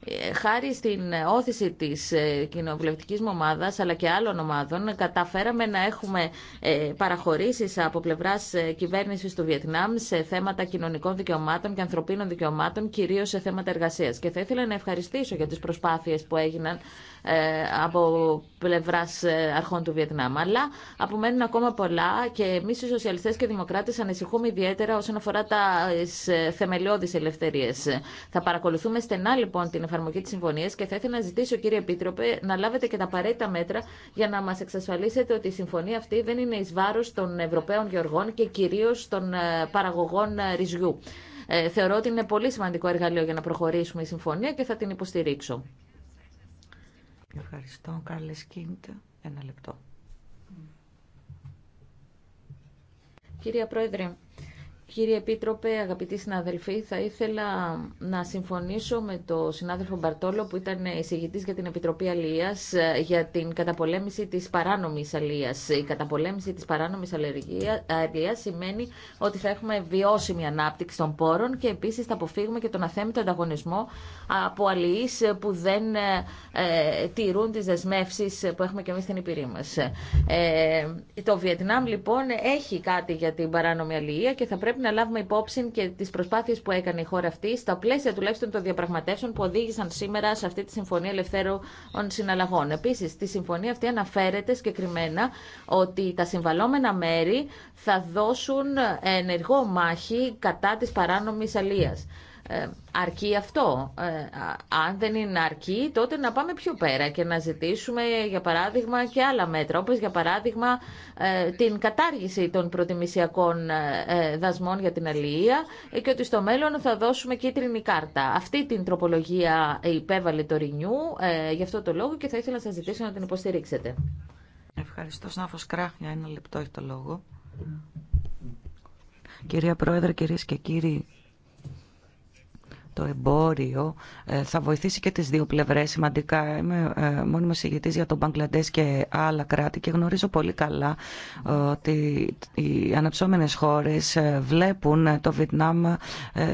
Ε, χάρη στην όθηση της ε, κοινοβουλευτικής μου ομάδας αλλά και άλλων ομάδων καταφέραμε να έχουμε ε, παραχωρήσεις από πλευράς κυβέρνησης του Βιετνάμ σε θέματα κοινωνικών δικαιωμάτων και ανθρωπίνων δικαιωμάτων κυρίως σε θέματα εργασίας. Και θα ήθελα να ευχαριστήσω για τις προσπάθειες που έγιναν ε, από πλευρά ε, αρχών του Βιετνάμ. Αλλά απομένουν ακόμα πολλά και εμεί οι σοσιαλιστέ και δημοκράτε ανησυχούμε ιδιαίτερα όσον αφορά τα ε, θεμελιώδει ελευθερίε. Θα παρακολουθούμε στενά λοιπόν την εφαρμογή τη συμφωνία και θα ήθελα να ζητήσω, κύριε Επίτροπε, να λάβετε και τα απαραίτητα μέτρα για να μα εξασφαλίσετε ότι η συμφωνία αυτή δεν είναι ει βάρο των Ευρωπαίων Γεωργών και κυρίω των παραγωγών ρυζιού. Θεωρώ ότι είναι πολύ σημαντικό εργαλείο για να προχωρήσουμε η συμφωνία και θα την υποστηρίξω. Ευχαριστώ. Κάρλε Κίντ, ένα λεπτό. Κυρία Πρόεδρε, Κύριε Επίτροπε, αγαπητοί συναδελφοί, θα ήθελα να συμφωνήσω με τον συνάδελφο Μπαρτόλο που ήταν εισηγητής για την Επιτροπή Αλίας ε, για την καταπολέμηση της παράνομης αλίας. Η καταπολέμηση της παράνομης αλίας σημαίνει ότι θα έχουμε βιώσιμη ανάπτυξη των πόρων και επίσης θα αποφύγουμε και τον αθέμητο ανταγωνισμό από αλίες που δεν ε, ε, τηρούν τις δεσμεύσεις που έχουμε και εμείς στην υπηρή μας. το Βιετνάμ λοιπόν έχει κάτι για την παράνομη αλία και θα πρέπει να λάβουμε υπόψη και τι προσπάθειε που έκανε η χώρα αυτή, στα πλαίσια τουλάχιστον των διαπραγματεύσεων που οδήγησαν σήμερα σε αυτή τη Συμφωνία Ελευθέρων Συναλλαγών. Επίση, στη συμφωνία αυτή αναφέρεται συγκεκριμένα ότι τα συμβαλόμενα μέρη θα δώσουν ενεργό μάχη κατά τη παράνομη αλεία. Ε, αρκεί αυτό. Ε, αν δεν είναι αρκεί, τότε να πάμε πιο πέρα και να ζητήσουμε, για παράδειγμα, και άλλα μέτρα, όπως για παράδειγμα ε, την κατάργηση των προτιμησιακών δασμών για την αλληλεία και ότι στο μέλλον θα δώσουμε κίτρινη κάρτα. Αυτή την τροπολογία υπέβαλε το ΡΙΝΙΟΥ γι' αυτό το λόγο και θα ήθελα να σας ζητήσω να την υποστηρίξετε. Ευχαριστώ, Σνάφος Κράχ, για ένα λεπτό έχει το λόγο. Κυρία Πρόεδρε, κυρίες και κύριοι, το εμπόριο ε, θα βοηθήσει και τις δύο πλευρές σημαντικά. Είμαι ε, μόνιμος ηγητής για τον Μπαγκλαντές και άλλα κράτη και γνωρίζω πολύ καλά ε, ότι οι αναψώμενες χώρες βλέπουν το Βιετνάμ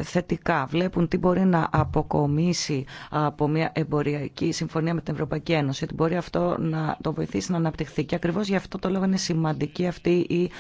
θετικά. Βλέπουν τι μπορεί να αποκομίσει από μια εμποριακή συμφωνία με την Ευρωπαϊκή Ένωση, ότι μπορεί αυτό να το βοηθήσει να αναπτυχθεί. Και ακριβώς γι' αυτό το λόγο είναι σημαντική αυτή η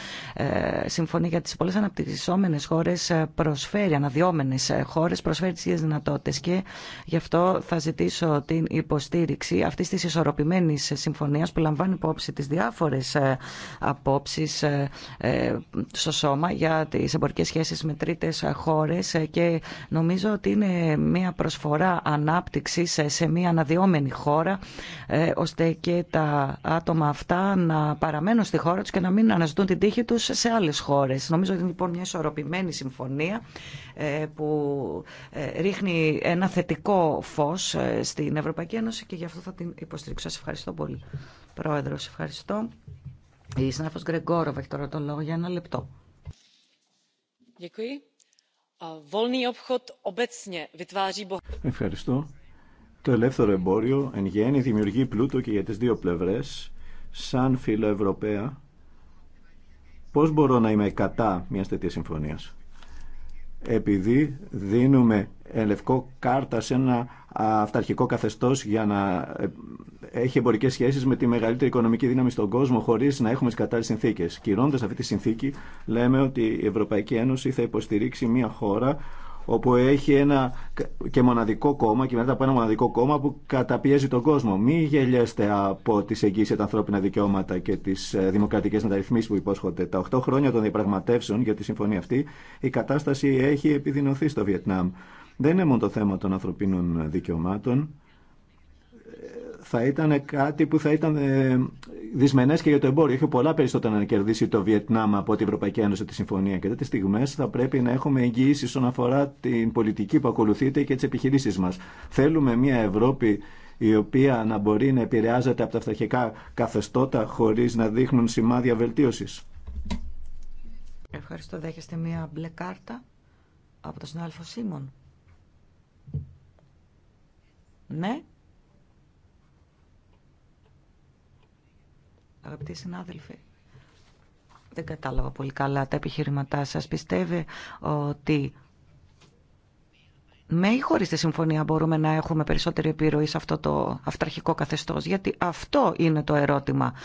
συμφωνία για τις πολλές αναπτυσσόμενες χώρες προσφέρει, αναδυόμενες χώρες προσφέρει δυνατότητες και γι' αυτό θα ζητήσω την υποστήριξη αυτή της ισορροπημένης συμφωνίας που λαμβάνει υπόψη τις διάφορες ε, απόψεις ε, ε, στο σώμα για τις εμπορικές σχέσεις με τρίτες χώρες και νομίζω ότι είναι μια προσφορά ανάπτυξη σε μια αναδυόμενη χώρα ώστε και τα άτομα αυτά να παραμένουν στη χώρα τους και να μην αναζητούν την τύχη τους σε άλλες χώρες. Νομίζω ότι είναι λοιπόν μια ισορροπημένη συμφωνία που ρίχνει ένα θετικό φως ε, στην Ευρωπαϊκή Ένωση και γι' αυτό θα την υποστηρίξω. Σας ευχαριστώ πολύ. Σας ευχαριστώ. Η συνάδελφος Γκρεγκόροβ έχει τώρα το λόγο για ένα λεπτό. Ε, ευχαριστώ. Το ελεύθερο εμπόριο εν γέννη δημιουργεί πλούτο και για τις δύο πλευρές. Σαν Ευρωπαία. πώς μπορώ να είμαι κατά μιας τέτοιας συμφωνίας επειδή δίνουμε λευκό κάρτα σε ένα αυταρχικό καθεστώς για να ε, έχει εμπορικές σχέσεις με τη μεγαλύτερη οικονομική δύναμη στον κόσμο χωρίς να έχουμε τις κατάλληλες συνθήκες. Κυρώντας αυτή τη συνθήκη λέμε ότι η Ευρωπαϊκή Ένωση θα υποστηρίξει μια χώρα όπου έχει ένα και μοναδικό κόμμα, μετά από ένα μοναδικό κόμμα που καταπιέζει τον κόσμο. μη γελιέστε από τι εγγύσει τα ανθρώπινα δικαιώματα και τι ε, δημοκρατικέ μεταρρυθμίσει που υπόσχονται. Τα 8 χρόνια των διαπραγματεύσεων για τη συμφωνία αυτή, η κατάσταση έχει επιδεινωθεί στο Βιετνάμ. Δεν είναι μόνο το θέμα των ανθρωπίνων δικαιωμάτων. Ε, θα ήταν κάτι που θα ήταν ε, δυσμενέ και για το εμπόριο. Έχει πολλά περισσότερα να κερδίσει το Βιετνάμ από την Ευρωπαϊκή Ένωση τη συμφωνία. Και τέτοιε στιγμέ θα πρέπει να έχουμε εγγυήσει όσον αφορά την πολιτική που ακολουθείται και τι επιχειρήσει μα. Θέλουμε μια Ευρώπη η οποία να μπορεί να επηρεάζεται από τα αυταρχικά καθεστώτα χωρί να δείχνουν σημάδια βελτίωση. Ευχαριστώ. Δέχεστε μια μπλε κάρτα από τον συνάδελφο Σίμων. Ναι. Αγαπητοί συνάδελφοι, δεν κατάλαβα πολύ καλά τα επιχειρηματά σας. Πιστεύει ότι με ή χωρίς τη συμφωνία μπορούμε να έχουμε περισσότερη επιρροή σε αυτό το αυταρχικό καθεστώς. Γιατί αυτό είναι το ερώτημα.